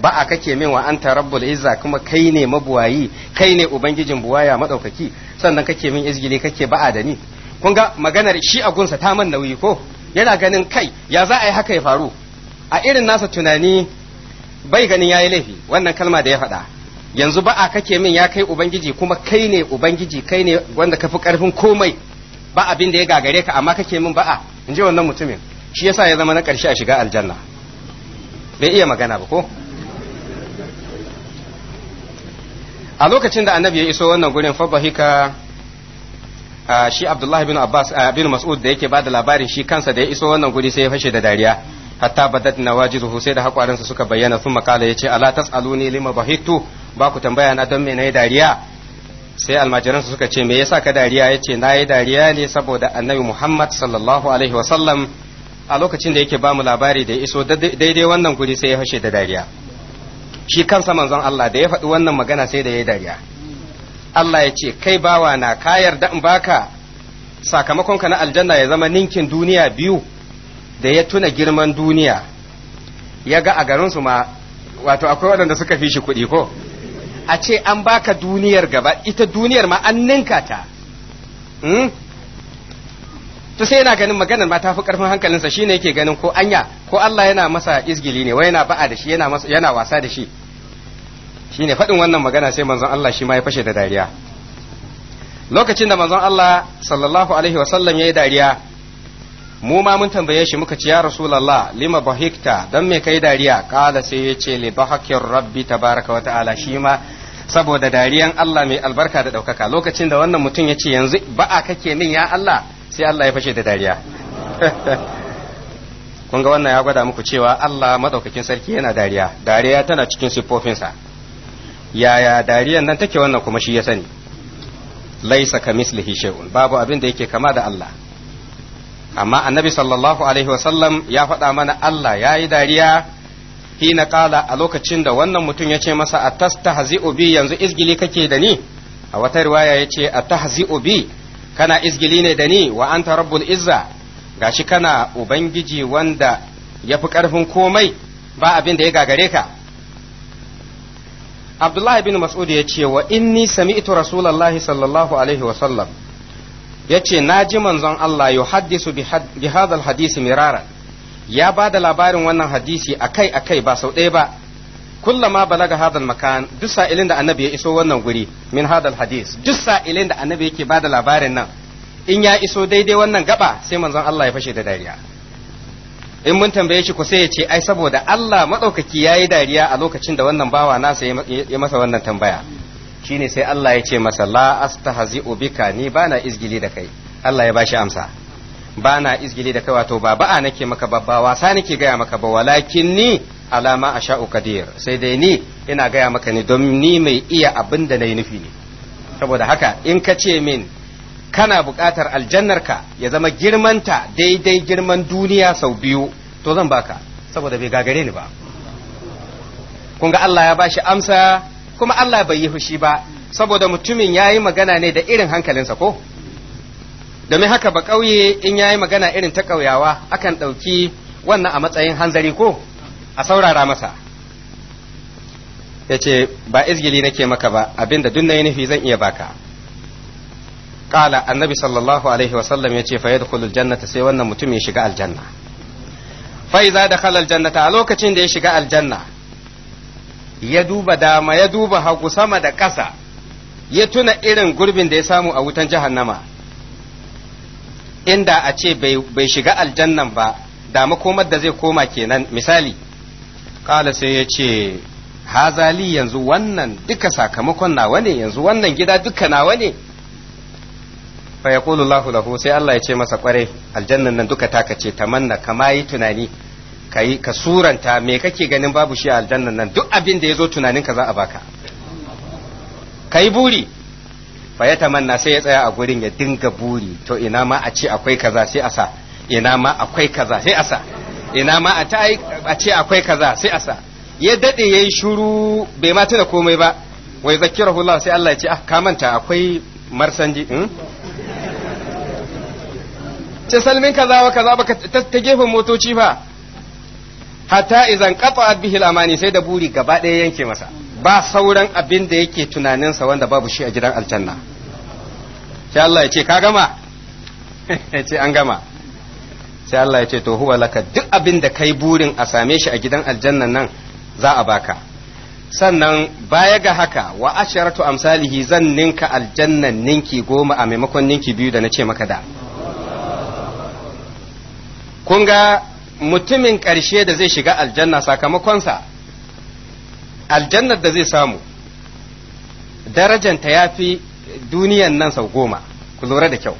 ba'a kake min wa anta rabbul izza kuma kai ne mabuwayi kai ne ubangijin buwaya madaukaki sannan kake min izgili kake ba'a da ni kun ga maganar shi a gunsa ta man nauyi ko yana ganin kai ya za a yi haka ya faru a irin nasa tunani bai ganin yayi laifi wannan kalma da ya faɗa yanzu ba a kake min ya kai ubangiji kuma kai ne ubangiji kai ne wanda ka fi karfin komai ba abin da ya gagare ka amma kake min a in ji wannan mutumin shi yasa ya zama na ƙarshe a shiga aljanna bai iya magana ba ko a lokacin da annabi ya iso wannan gurin fabahika Ah, shi Abdullahi bin Abbas ah, bin Mas'ud da yake bada labarin shi kansa da ya iso wannan guri sai ya fashe da dariya hatta badat nawajiruhu sai da hakwarinsa suka bayyana sun makala yace ala tasaluni lima bahitu ba ku tambaya na don me nayi dariya sai almajiransa suka ce me yasa ka dariya yace nayi dariya ne saboda annabi Muhammad sallallahu alaihi wasallam a lokacin da yake ba mu labari da ya iso daidai wannan guri sai ya fashe da dariya shi kansa manzon Allah da ya faɗi wannan magana sai da yayi dariya Allah ya ce kai bawa na ka yarda in baka sakamakon ka na aljanna ya zama ninkin duniya biyu da ya tuna girman duniya ya ga a garinsu ma wato akwai waɗanda suka fi shi kuɗi ko a ce an baka duniyar gaba ita duniyar ma an ninka ta hmm? to sai yana ganin maganar ma ta fi karfin hankalinsa shine yake ganin ko anya ko Allah yana masa izgili ne wai yana ba'a da shi yana wasa da shi Shi ne faɗin wannan magana sai manzon Allah shi ma ya fashe da dariya lokacin da manzon Allah sallallahu alaihi wasallam yi dariya mu ma mun tambaye shi muka ci ya rasu rasulullah lima bahikta don me kai dariya kala sai ya ce li bahakir rabbi tabaraka wa ta'ala shi ma saboda dariyan Allah mai albarka da ɗaukaka lokacin da wannan mutum ya ce yanzu ba'a kake min ya Allah sai Allah ya fashe da dariya <laughs> kun ga wannan ya gwada muku cewa Allah madaukakin sarki yana dariya dariya tana cikin siffofinsa yaya dariyan nan take wannan kuma shi ya sani laisa ka mislihi shay'un babu abin da yake kama da Allah amma annabi sallallahu alaihi wasallam ya faɗa mana Allah yayi yi dariya hina kala a lokacin da wannan mutum ya ce masa a bi yanzu izgili kake da ni a wata riwaya ya ce a bi kana izgili ne da ni wa anta rabbul izza gashi kana ubangiji wanda ya fi ƙarfin komai ba abin da ya gagare ka Abdullahi bin Mas'ud ya ce wa inni sami'tu Rasulullahi sallallahu alaihi wa sallam yace ji manzon Allah haddisu bi hadal hadisi mirara ya ba da labarin wannan hadisi akai akai ba sau ɗaya ba kullama balaga hadal makan duk sa'ilin da annabi ya iso wannan guri min hadal hadis duk sa'ilin da annabi yake ba da labarin nan in ya iso daidai wannan gaba sai manzon Allah ya fashe da dariya in mun tambaye shi ku sai ya ce ai saboda Allah maɗaukaki ya yi dariya a lokacin da wannan bawa nasa ya masa wannan tambaya shine sai Allah ya ce masa la astahzi'u bika ni bana izgili da kai Allah ya bashi amsa bana izgili da kai wato ba ba'a nake maka babba wasa nake gaya maka ba walakin ni alama sha'u qadir sai dai ni ina gaya maka ne don ni mai iya abin da yi nufi ne saboda haka in ka ce min kana buƙatar aljannarka ya zama girmanta daidai girman duniya sau biyu to zan baka saboda bai gagare ni ba kun ga Allah ya ba shi amsa kuma Allah bai yi fushi ba saboda mutumin ya yi magana ne da irin hankalinsa ko domin haka ba ƙauye in ya yi magana irin ta ƙauyawa akan ɗauki wannan a matsayin hanzari ko a saurara masa Yace ba izgili nake maka ba abinda duk na yi nufi zan iya baka kala annabi sallallahu alaihi wasallam ya ce fa yadkhulul jannata sai wannan mutum ya shiga aljanna fa idza dakhala aljannata a lokacin da ya shiga aljanna ya duba dama ya duba hagu sama da ƙasa ya tuna irin gurbin da ya samu a wutan jahannama inda a ce bai shiga aljannan ba da komar da zai koma kenan misali kala sai ya ce hazali yanzu wannan duka sakamakon nawa ne yanzu wannan gida duka nawa ne fa yaqulu Allahu lahu sai Allah ya ce masa kware aljannan nan duka ta kace tamanna kama yi tunani kai ka suranta me kake ganin babu shi a aljannan nan duk abin da yazo tunanin ka za a baka kai buri fa ya tamanna sai ya tsaya a gurin ya dinga buri to ina ma a ce akwai kaza sai a sa ina ma akwai kaza sai a sa ina ma a ce akwai kaza sai a sa ya dade yayi shuru bai ma tuna komai ba wai zakirahu Allah sai Allah ya ce ah ka manta akwai marsanji hmm? ce salmin kaza wa kaza baka ta gefen motoci ba hatta idan qata bihi amani sai da buri gaba ɗaya yanke masa ba sauran abin da yake tunaninsa wanda babu shi a gidan aljanna sai Allah ya ce ka gama <laughs> ya ce an gama sai Allah ya ce to huwa laka duk abin da kai burin a same shi a gidan aljannan nan za a baka sannan baya ga haka wa asharatu amsalihi zan ninka aljannan ninki goma a maimakon ninki biyu da na ce maka da kun ga mutumin ƙarshe da zai shiga aljanna sakamakonsa aljannar da zai samu darajanta ya fi duniyan nan sau goma ku lura da kyau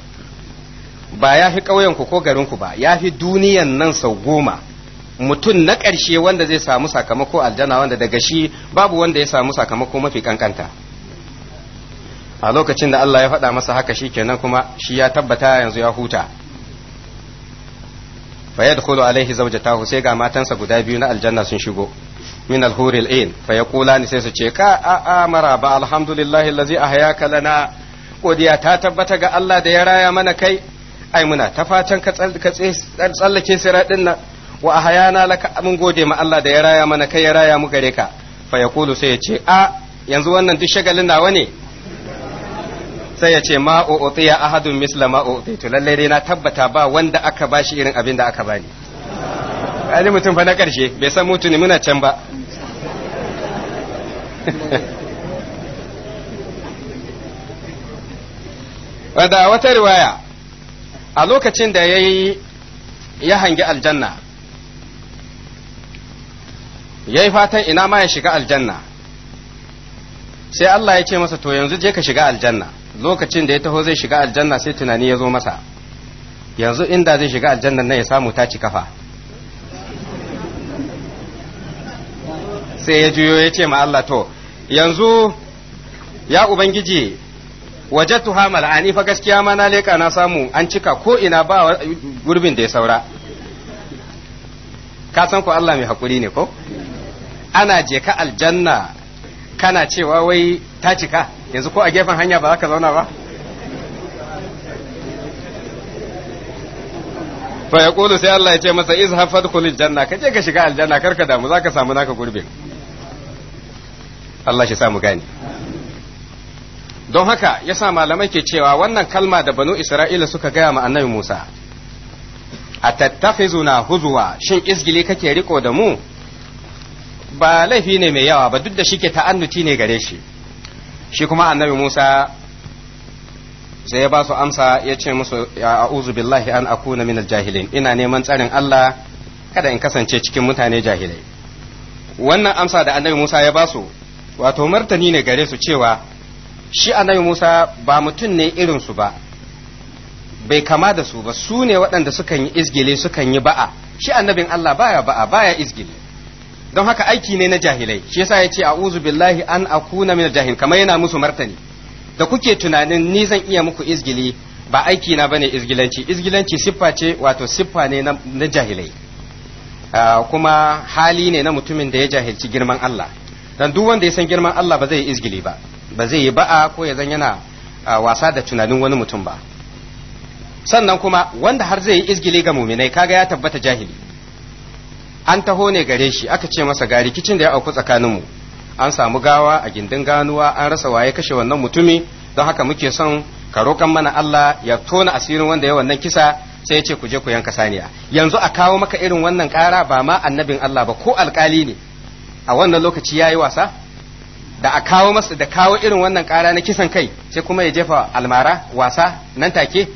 ba ya fi ƙauyenku ko garinku ba ya fi duniyan nan sau goma mutum na ƙarshe wanda zai samu sakamako aljanna wanda daga shi babu wanda ya samu sakamako mafi ƙanƙanta a lokacin da Allah ya faɗa masa haka shi kenan kuma shi ya tabbata yanzu ya huta fa yadkhulu alaihi ta sai ga matansa guda biyu na aljanna sun shigo min alhuril ain fa sai su ce ka a a maraba alhamdulillahi allazi kala na. Kodiya ta tabbata ga Allah da ya raya mana kai ai muna ta fatan ka tsallake siradin nan wa ahayana laka mun gode ma Allah da ya raya mana kai ya raya mu gare ka fa yaqulu sai ya ce a yanzu wannan duk shagalin nawa ne sai ya ce ma utiya ahadun misla ma utitu lalle dai na tabbata ba wanda aka bashi irin abin da aka bani ali mutum fa na karshe bai san mutuni muna can ba <laughs> wadda wata riwaya a lokacin da ya yi ya hangi aljanna ya yi fatan ina ma ya shiga aljanna sai Allah ya ce masa to yanzu je ka shiga aljanna lokacin da ya taho zai shiga aljanna sai tunani ya zo masa yanzu inda zai shiga aljanna na ya samu ta ci kafa sai ya juyo ya ce ma Allah to yanzu ya ubangiji waje hamal mal'ani fa gaskiya ma na leka na samu an cika ko ina ba gurbin da ya saura ka san ko Allah mai hakuri ne ko ana je ka aljanna kana cewa wai ta cika yanzu ko a gefen hanya ba za ka zauna ba fa ya kulu sai Allah ya ce masa iz hafad kulil janna ka je ka shiga aljanna karka damu za ka samu naka gurbe. Allah shi sa mu gani don haka ya sa malamai ke cewa wannan kalma da banu isra'ila suka gaya ma annabi musa a tattafizuna huzuwa shin izgili kake riko da mu ba laifi ne mai yawa ba duk da shi ke ta'annuti ne gare shi shi kuma annabi Musa sai ya ba su amsa ya ce musu a'udhu billahi an akuna min jahilin ina neman tsarin Allah kada in kasance cikin mutane jahilai wannan amsa da annabi Musa ya ba su wato martani ne gare su cewa shi annabi Musa ba mutum ne irin su ba bai kama da su ba su ne waɗanda sukan yi izgile sukan yi ba'a shi annabin Allah baya ba'a baya izgile don haka aiki ne na jahilai shi yasa ya ce a uzu billahi an akuna min jahil kamar yana musu martani da kuke tunanin ni zan iya muku izgili ba aiki na bane izgilanci izgilanci siffa ce wato siffa ne na jahilai ah, kuma hali ne na mutumin da ya jahilci girman Allah dan duk wanda ya san girman Allah ba zai yi izgili ba ba zai yi ba'a ko ya zan yana ah, wasa da tunanin wani mutum ba sannan kuma wanda har zai yi izgili ga muminai kaga ya tabbata jahili an taho ne gare shi aka ce masa ga rikicin da ya auku tsakaninmu an samu gawa a gindin ganuwa an rasa waye kashe wannan mutumi don haka muke son ka roƙan mana Allah ya tona asirin wanda ya wannan kisa sai ya ce ku je ku yanka saniya yanzu a kawo maka irin wannan ƙara ba ma annabin Allah ba ko alƙali ne a wannan lokaci ya yi wasa da a kawo masa da kawo irin wannan ƙara na kisan kai sai kuma ya jefa almara wasa nan take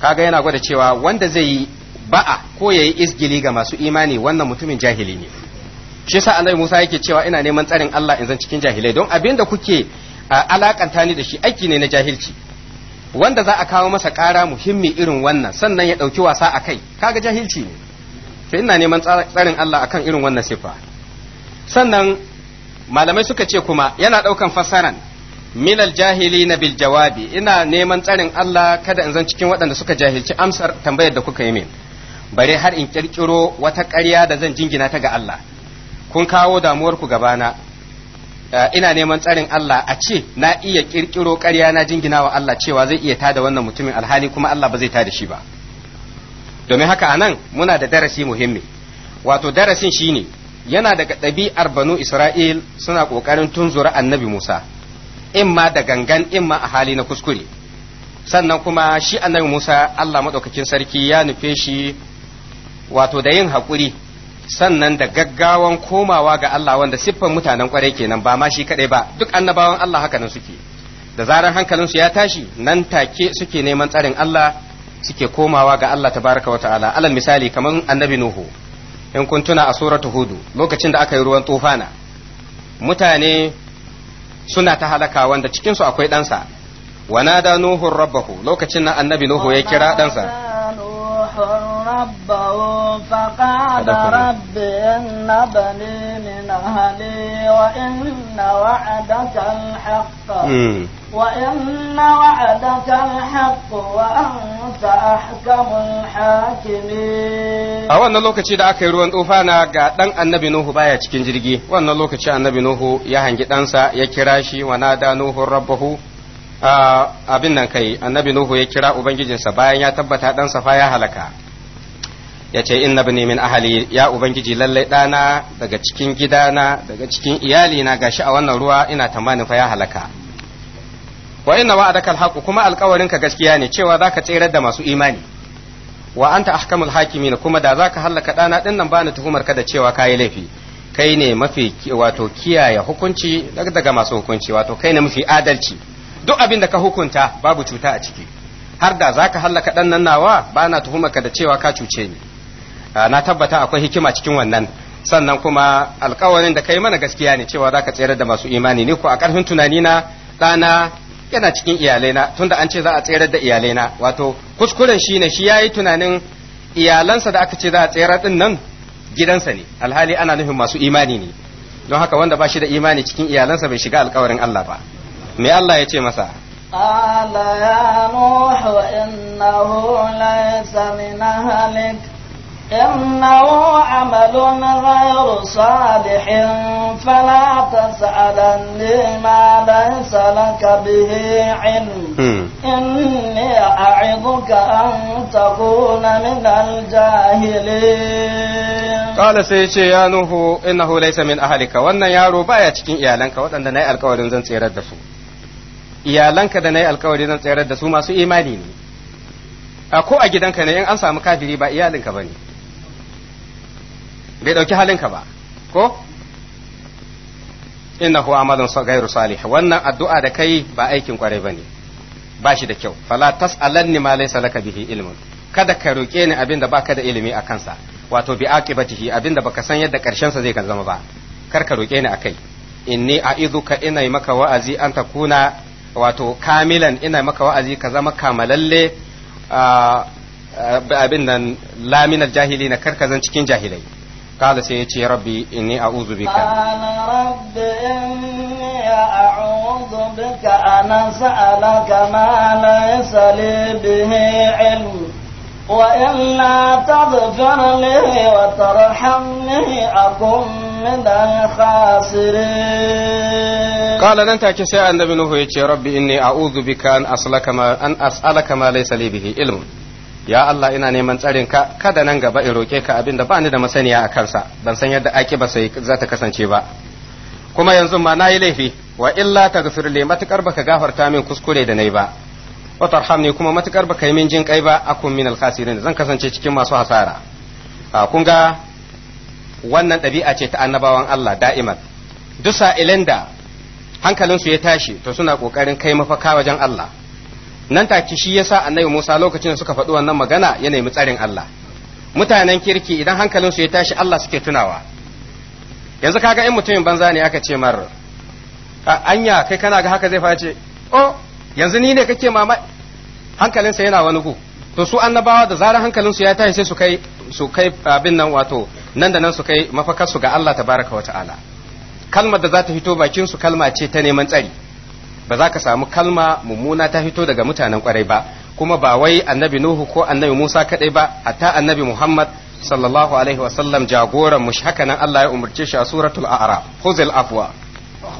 kaga yana gwada cewa wanda zai yi ba'a ko ya yi izgili ga masu imani wannan mutumin jahili ne shi yasa annabi Musa yake cewa ina neman tsarin Allah in zan cikin jahilai don abin da kuke alakanta ni da shi aiki ne na jahilci wanda za a kawo masa ƙara muhimmi irin wannan sannan ya ɗauki wasa a kai kaga jahilci ne to ina neman tsarin Allah akan irin wannan sifa sannan malamai suka ce kuma yana ɗaukan fassaran minal jahili na bil jawabi ina neman tsarin Allah kada in zan cikin waɗanda suka jahilci amsar tambayar da kuka yi min bare har in kirkiro wata ƙarya da zan jingina ta ga Allah kun kawo damuwar ku gabana eh, ina neman tsarin Allah a ce na iya kirkiro ƙarya na jingina wa Allah cewa zai iya tada wannan mutumin alhali kuma Allah ba zai tada shi ba domin haka anan muna da darasi muhimmi wato darasin shine yana daga ɗabi'ar banu Isra'il suna ƙoƙarin tunzura annabi Musa imma da gangan imma a hali na kuskure sannan kuma shi annabi Musa Allah maɗaukakin sarki ya nufe shi wato da yin haƙuri sannan da gaggawan komawa ga Allah wanda siffan mutanen kwarai kenan ba ma shi kadai ba duk annabawan Allah haka nan suke da zaran su ya tashi nan take suke neman tsarin Allah suke komawa ga Allah tabaraka wata'ala alal misali kamar annabi Nuhu in kun tuna a suratu Hudu lokacin da aka yi ruwan tufana mutane suna ta halaka wanda cikin su akwai ɗansa wanada Nuhu rabbahu lokacin nan annabi Nuhu ya kira dansa. ربه فقال رب إن بني من أهلي وإن وعدك الحق وإن وعدك الحق وأنت أحكم الحاكمين a wannan lokaci da aka yi ruwan tsofana أن نبي نوه بايا baya cikin وأن wannan lokaci أن نبي نوه يهان ɗansa ya kira shi wa nada ah, abin nan kai annabi Nuhu ya kira ubangijinsa bayan ya tabbata ɗansa fa ya halaka ya ce inna bi min ahali ya ubangiji lallai ɗana daga cikin gidana daga cikin iyalina gashi a wannan ruwa ina tambani fa ya halaka wa inna wa'adaka alhaqu kuma alƙawarinka gaskiya ne cewa zaka tsirar da masu imani wa anta ahkamul hakimin kuma da zaka halaka ɗana ɗin nan bani tuhumar ka da cewa kai laifi kai ne mafi wato kiyaye hukunci daga masu hukunci wato kai ne mafi adalci duk abin da ka hukunta babu cuta a ciki har da zaka halaka ɗan nan nawa bana tuhumar ka da cewa ka cuce ni Ah, na tabbata akwai hikima cikin wannan sannan kuma alkawarin da kai mana gaskiya ne cewa zaka tsayar da masu imani ne ko a karfin tunani na ɗana yana cikin iyalai iyalaina tunda an ce za a tsayar da iyalai na wato kuskuren shi ne shi yayi tunanin iyalansa da aka ce za a tsayar din nan gidansa ne alhali ana nufin masu imani ne don haka wanda ba shi da imani cikin iyalansa bai shiga alkawarin Allah ba me Allah ya ce masa قال يا نوح إنه ليس من أهلك إنه عمل غير صالح فلا تسألني ما ليس لك به علم إني أعظك أن تكون من الجاهلين قال سيشي يا نوه إنه ليس من أهلك وأن يا ربايا تكين إيالنك وأن دناء القول زن سيرد يا لنك دناء القول زن سيرد دسو ما سو إيماني ne a ko a gidanka ne in an samu kafiri ba iyalinka ba ne bai ɗauki halinka ba ko innahu amalun Gairu salih wannan addu'a da kai ba aikin kwarai bane ba shi da kyau fala tas'alanni ma laysa laka bihi ilmun kada ka roke ni abinda baka da ilimi a kansa wato bi aqibatihi abinda baka san yadda karshen sa zai kan zama ba kar ka roke ni akai inni a'izuka ina maka wa'azi an takuna wato kamilan ina maka wa'azi ka zama kamalalle abin nan laminal jahili na karkazan cikin jahilai قال سيتي ربي إني أعوذ بك قال رب إني أعوذ بك أن أسألك ما ليس لي به علم وإلا تغفر لي وترحمني أكن من الخاسرين قال لن تأتي سيئا النبي نوح يا ربي إني أعوذ بك أن أسألك ما, أن أسألك ما ليس لي به علم ya Allah ina neman tsarin ka kada nan gaba in roke ka abinda ba ni da masaniya a kansa ban san yadda ba sai za ta kasance ba kuma yanzu ma na yi laifi wa illa taghfir li matakar baka gafarta min kuskure da yi ba wa tarhamni kuma matakar baka yi min jin kai ba akun min alkhasirin zan kasance cikin masu hasara a kun ga wannan ɗabi'a ce ta annabawan Allah da'iman duk sa'ilin da hankalinsu ya tashi to suna ƙoƙarin kai mafaka wajen Allah nan take shi yasa annabi Musa lokacin da suka faɗi wannan magana ya nemi tsarin Allah mutanen kirki idan hankalinsu ya tashi Allah suke tunawa yanzu kaga in mutumin banza ne aka ce mar anya kai kana ga haka zai face oh yanzu ni ne kake mama sa yana wani ku to su annabawa da zarar su ya tashi sai su kai su kai abin nan wato nan da nan su kai mafakar su ga Allah tabaraka wa ta'ala kalmar da za ta fito bakin su kalma ce ta neman tsari ba za ka samu kalma mummuna ta fito daga mutanen kwarai ba kuma ba wai annabi nuhu ko annabi musa kadai ba hatta annabi muhammad sallallahu alaihi wasallam jagoran mu haka nan allah ya umarce shi a suratul a'raf khuzil afwa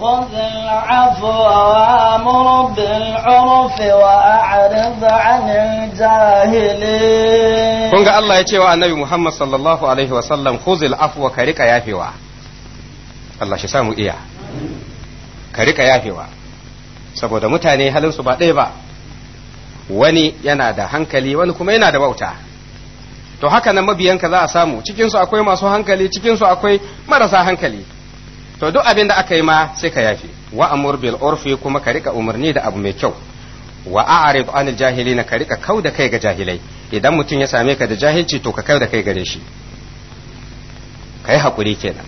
خذ العفو وامر بالعرف واعرض عن الجاهلين kun ga Allah ya ce wa annabi Muhammad sallallahu alaihi wa sallam khuzil afwa ka rika yafewa Allah shi samu iya ka rika yafewa saboda mutane halinsu ba ɗaya ba wani yana da hankali wani kuma yana da bauta to haka nan mabiyanka za a samu cikinsu akwai masu hankali cikinsu akwai marasa hankali to duk abin da aka yi ma sai ka yafi wa amur bil urfi kuma ka rika umarni da abu mai kyau wa a'rid anil jahilina ka rika kau da kai ga jahilai idan mutum ya same ka da jahilci to ka kau da kai gare shi kai hakuri kenan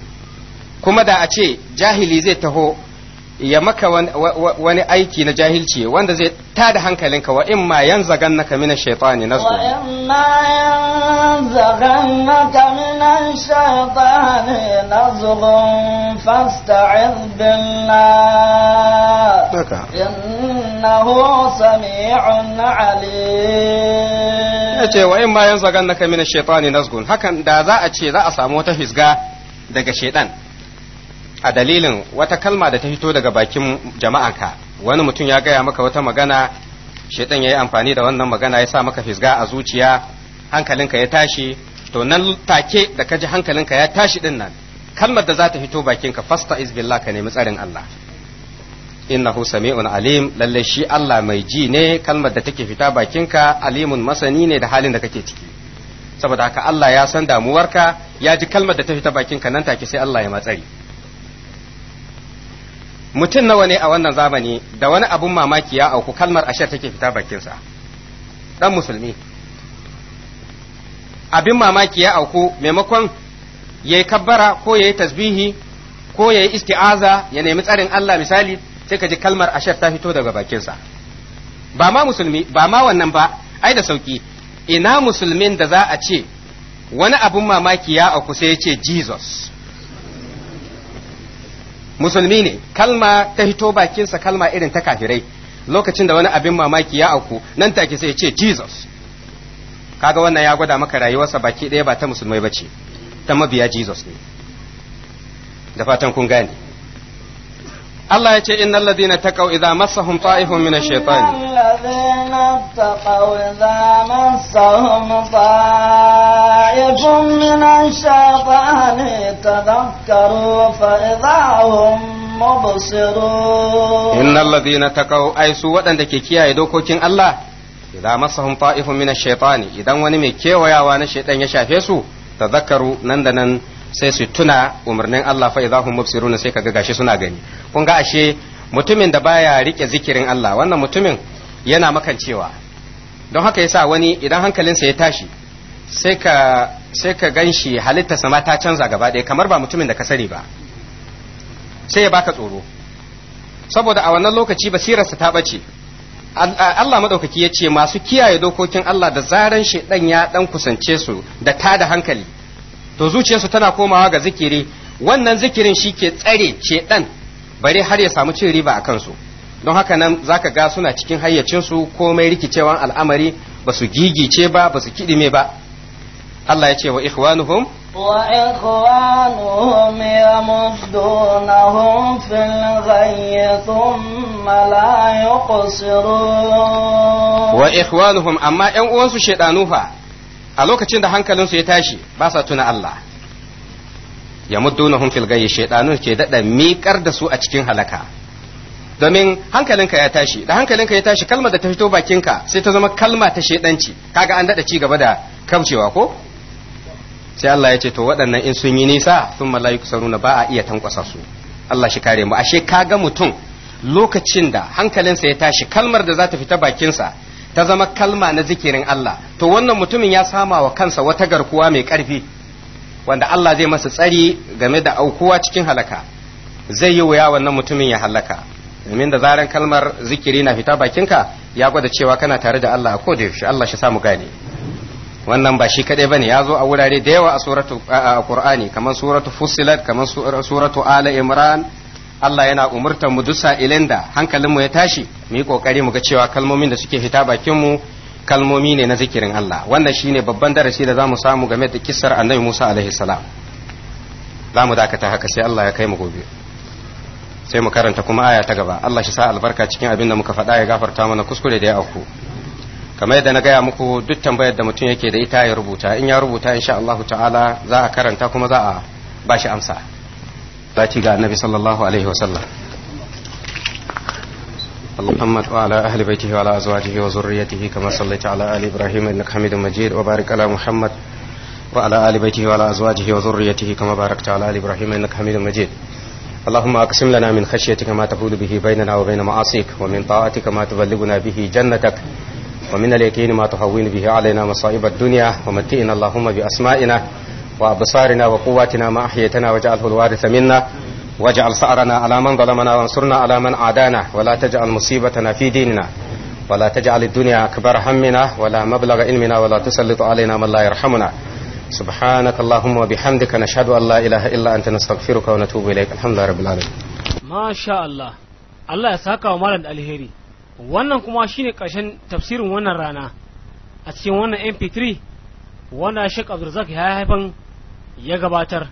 kuma da a ce jahili zai taho ya maka wani aiki na jahilci wanda zai tada hankalinka wa in ma yan zagan naka mina shaitani na zuwa. in ma yan zagan naka minan shaitani na zuwa fasta'iz billah. Haka. alim. Ya ce wa in ma yan zagan naka mina shaitani na zuwa hakan da za a ce za a samu wata fisga daga shaitan. a dalilin wata kalma da ta fito daga bakin jama'anka wani mutum ya gaya maka wata magana shaitan ya yi amfani da wannan magana ya sa maka fisga a zuciya hankalinka ya tashi to nan take da ka ji hankalinka ya tashi din nan kalmar da za ta fito bakinka fasta is ka nemi tsarin Allah innahu sami'un alim lalle shi Allah mai ji ne kalmar da take fita bakinka alimun masani ne da halin da kake ciki saboda haka Allah ya san damuwarka ya ji kalmar da ta fita bakinka nan take sai Allah ya matsari mutum nawa ne a wannan zamani da wani abun mamaki ya auku kalmar ashar take fita bakinsa dan musulmi abin mamaki ya auku maimakon ya yi kabbara ko ya yi tasbihi ko ya yi isti'aza ya nemi tsarin Allah misali sai ka ji kalmar ashar ta fito daga bakinsa ba ma musulmi ba ma wannan ba ai da sauki ina musulmin da za a ce wani abun mamaki ya auku sai ya ce Jesus musulmi ne kalma ta hito bakinsa kalma irin ta kafirai lokacin da wani abin mamaki ya auku nan take sai ya ce jesus kaga wannan ya gwada maka rayuwarsa baki ɗaya ba ta musulmai ba ce ta mabiya jesus ne da fatan kun gane Allah ya ce innal ladina taqaw idza massahum ta'ifun min ash-shaytan alladhina taqaw idza massahum ta'ifun min ash-shaytan tadhakkaru fa idza hum mubsirun innal ladina taqaw ai su waɗanda ke kiyaye dokokin Allah idza massahum ta'ifun min ash-shaytan idan wani mai kewayawa na shaytan ya shafe su tadhakkaru nan da nan sai su tuna umarnin Allah fa hum mubsiruna sai kaga gashi suna gani kun ga ashe mutumin da baya rike zikirin Allah wannan mutumin yana makancewa don haka yasa wani idan hankalinsa ya tashi sai ka sai ka ganshi halitta sama ta canza gaba ɗaya kamar ba mutumin da ka sani ba sai ya baka tsoro saboda a wannan lokaci basirarsa ta bace Allah madaukaki ya ce masu kiyaye dokokin Allah da zaran shaidan ya dan kusance su da tada hankali to zuciyarsu tana komawa ga zikiri wannan zikirin shi ke tsare sheɗan bare har ya samu cin riba a kansu don haka nan za ka ga suna cikin hayyacinsu ko mai rikicewan al'amari ba su gigice ba ba su kiɗime ba Allah ya ce wa ikhwanuhum وإخوانهم يمدونهم في الغي ثم wa يقصرون amma أما uwansu أنسوا شيطانوها a lokacin da hankalinsu ya tashi ba sa tuna Allah ya na fil gayi shaidanun ke daɗa miƙar da su a cikin halaka domin hankalinka ya tashi da hankalinka ya tashi kalmar da ta fito bakinka sai ta zama kalma ta shaidanci kaga an daɗa ci gaba da kaucewa ko sai Allah ya ce to waɗannan in sun yi nisa sun mala'iku saruna ba a iya tankwasa su Allah shi kare mu ashe kaga mutum lokacin da hankalinsa ya tashi kalmar da za ta fita bakinsa ta zama kalma na zikirin Allah to wannan mutumin ya sama wa kansa wata garkuwa mai ƙarfi wanda Allah zai masa tsari game da aukuwa cikin halaka zai yi wuya wannan mutumin ya halaka domin da zaran kalmar zikiri na fita bakinka ya gwada cewa kana tare da Allah a da yaushe Allah shi samu gane wannan ba shi kadai bane ya zo a wurare da yawa a suratu a Qur'ani kamar suratu Fussilat kamar suratu Ala Imran Allah yana umurtar mu duk sa'ilin da hankalinmu ya tashi mu yi kokari mu ga cewa kalmomin da suke fita bakin mu kalmomi ne na zikirin Allah wannan shine babban darasi da zamu samu game da kissar Annabi Musa alaihi salam zamu dakata haka sai Allah ya kai mu gobe sai mu karanta kuma aya ta gaba Allah shi sa albarka cikin abin da muka faɗa ya gafarta mana kuskure da ya auku kamar yadda na gaya muku duk tambayar da mutum yake da ita ya rubuta in ya rubuta insha Allah ta'ala za a karanta kuma za a shi amsa باتي ɓaci ga annabi sallallahu alaihi wasallam محمد وعلى أهل بيته وعلى أزواجه وذريته كما صليت على آل إبراهيم إنك حميد مجيد وبارك على محمد وعلى آل بيته وعلى أزواجه وذريته كما باركت على آل إبراهيم إنك حميد مجيد اللهم أقسم لنا من خشيتك ما تحول به بيننا وبين معاصيك ومن طاعتك ما تبلغنا به جنتك ومن اليقين ما تهون به علينا مصائب الدنيا ومتئنا اللهم بأسمائنا وأبصارنا وقواتنا ما أحييتنا واجعله الوارث منا واجعل سعرنا على من ظلمنا وانصرنا على من عادانا ولا تجعل مصيبتنا في ديننا ولا تجعل الدنيا أكبر همنا ولا مبلغ علمنا ولا تسلط علينا من لا يرحمنا سبحانك اللهم وبحمدك نشهد أن لا إله إلا أنت نستغفرك ونتوب إليك الحمد لله رب العالمين ما شاء الله الله يساك ومالا الهيري wannan kuma shine ƙarshen tafsirin wannan rana a cikin wannan mp3 wanda shek abdulrazak ya haifan ya gabatar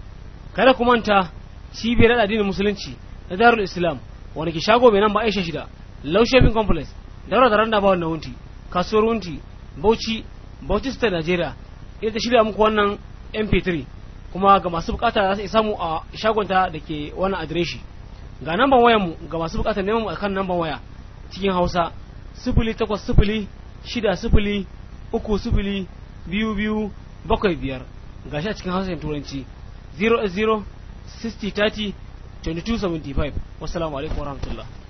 kada ku manta cibiyar addinin musulunci na darul islam wani ki shago mai nan ba aisha shida low shopping complex daura da randa ba wannan wunti kasuwar wunti bauchi bauchi state nigeria ita ta shirya muku wannan mp3 kuma ga masu bukata za su samu a shagonta da ke wannan adireshi ga namban wayan mu ga masu bukata neman akan namban waya cikin hausa sifili takwas sifili shida sifili uku sifili biyu biyu bakwai biyar gashi a cikin hausa turanci 080 60 30 2275 wassalamu alaikum warahmatullahi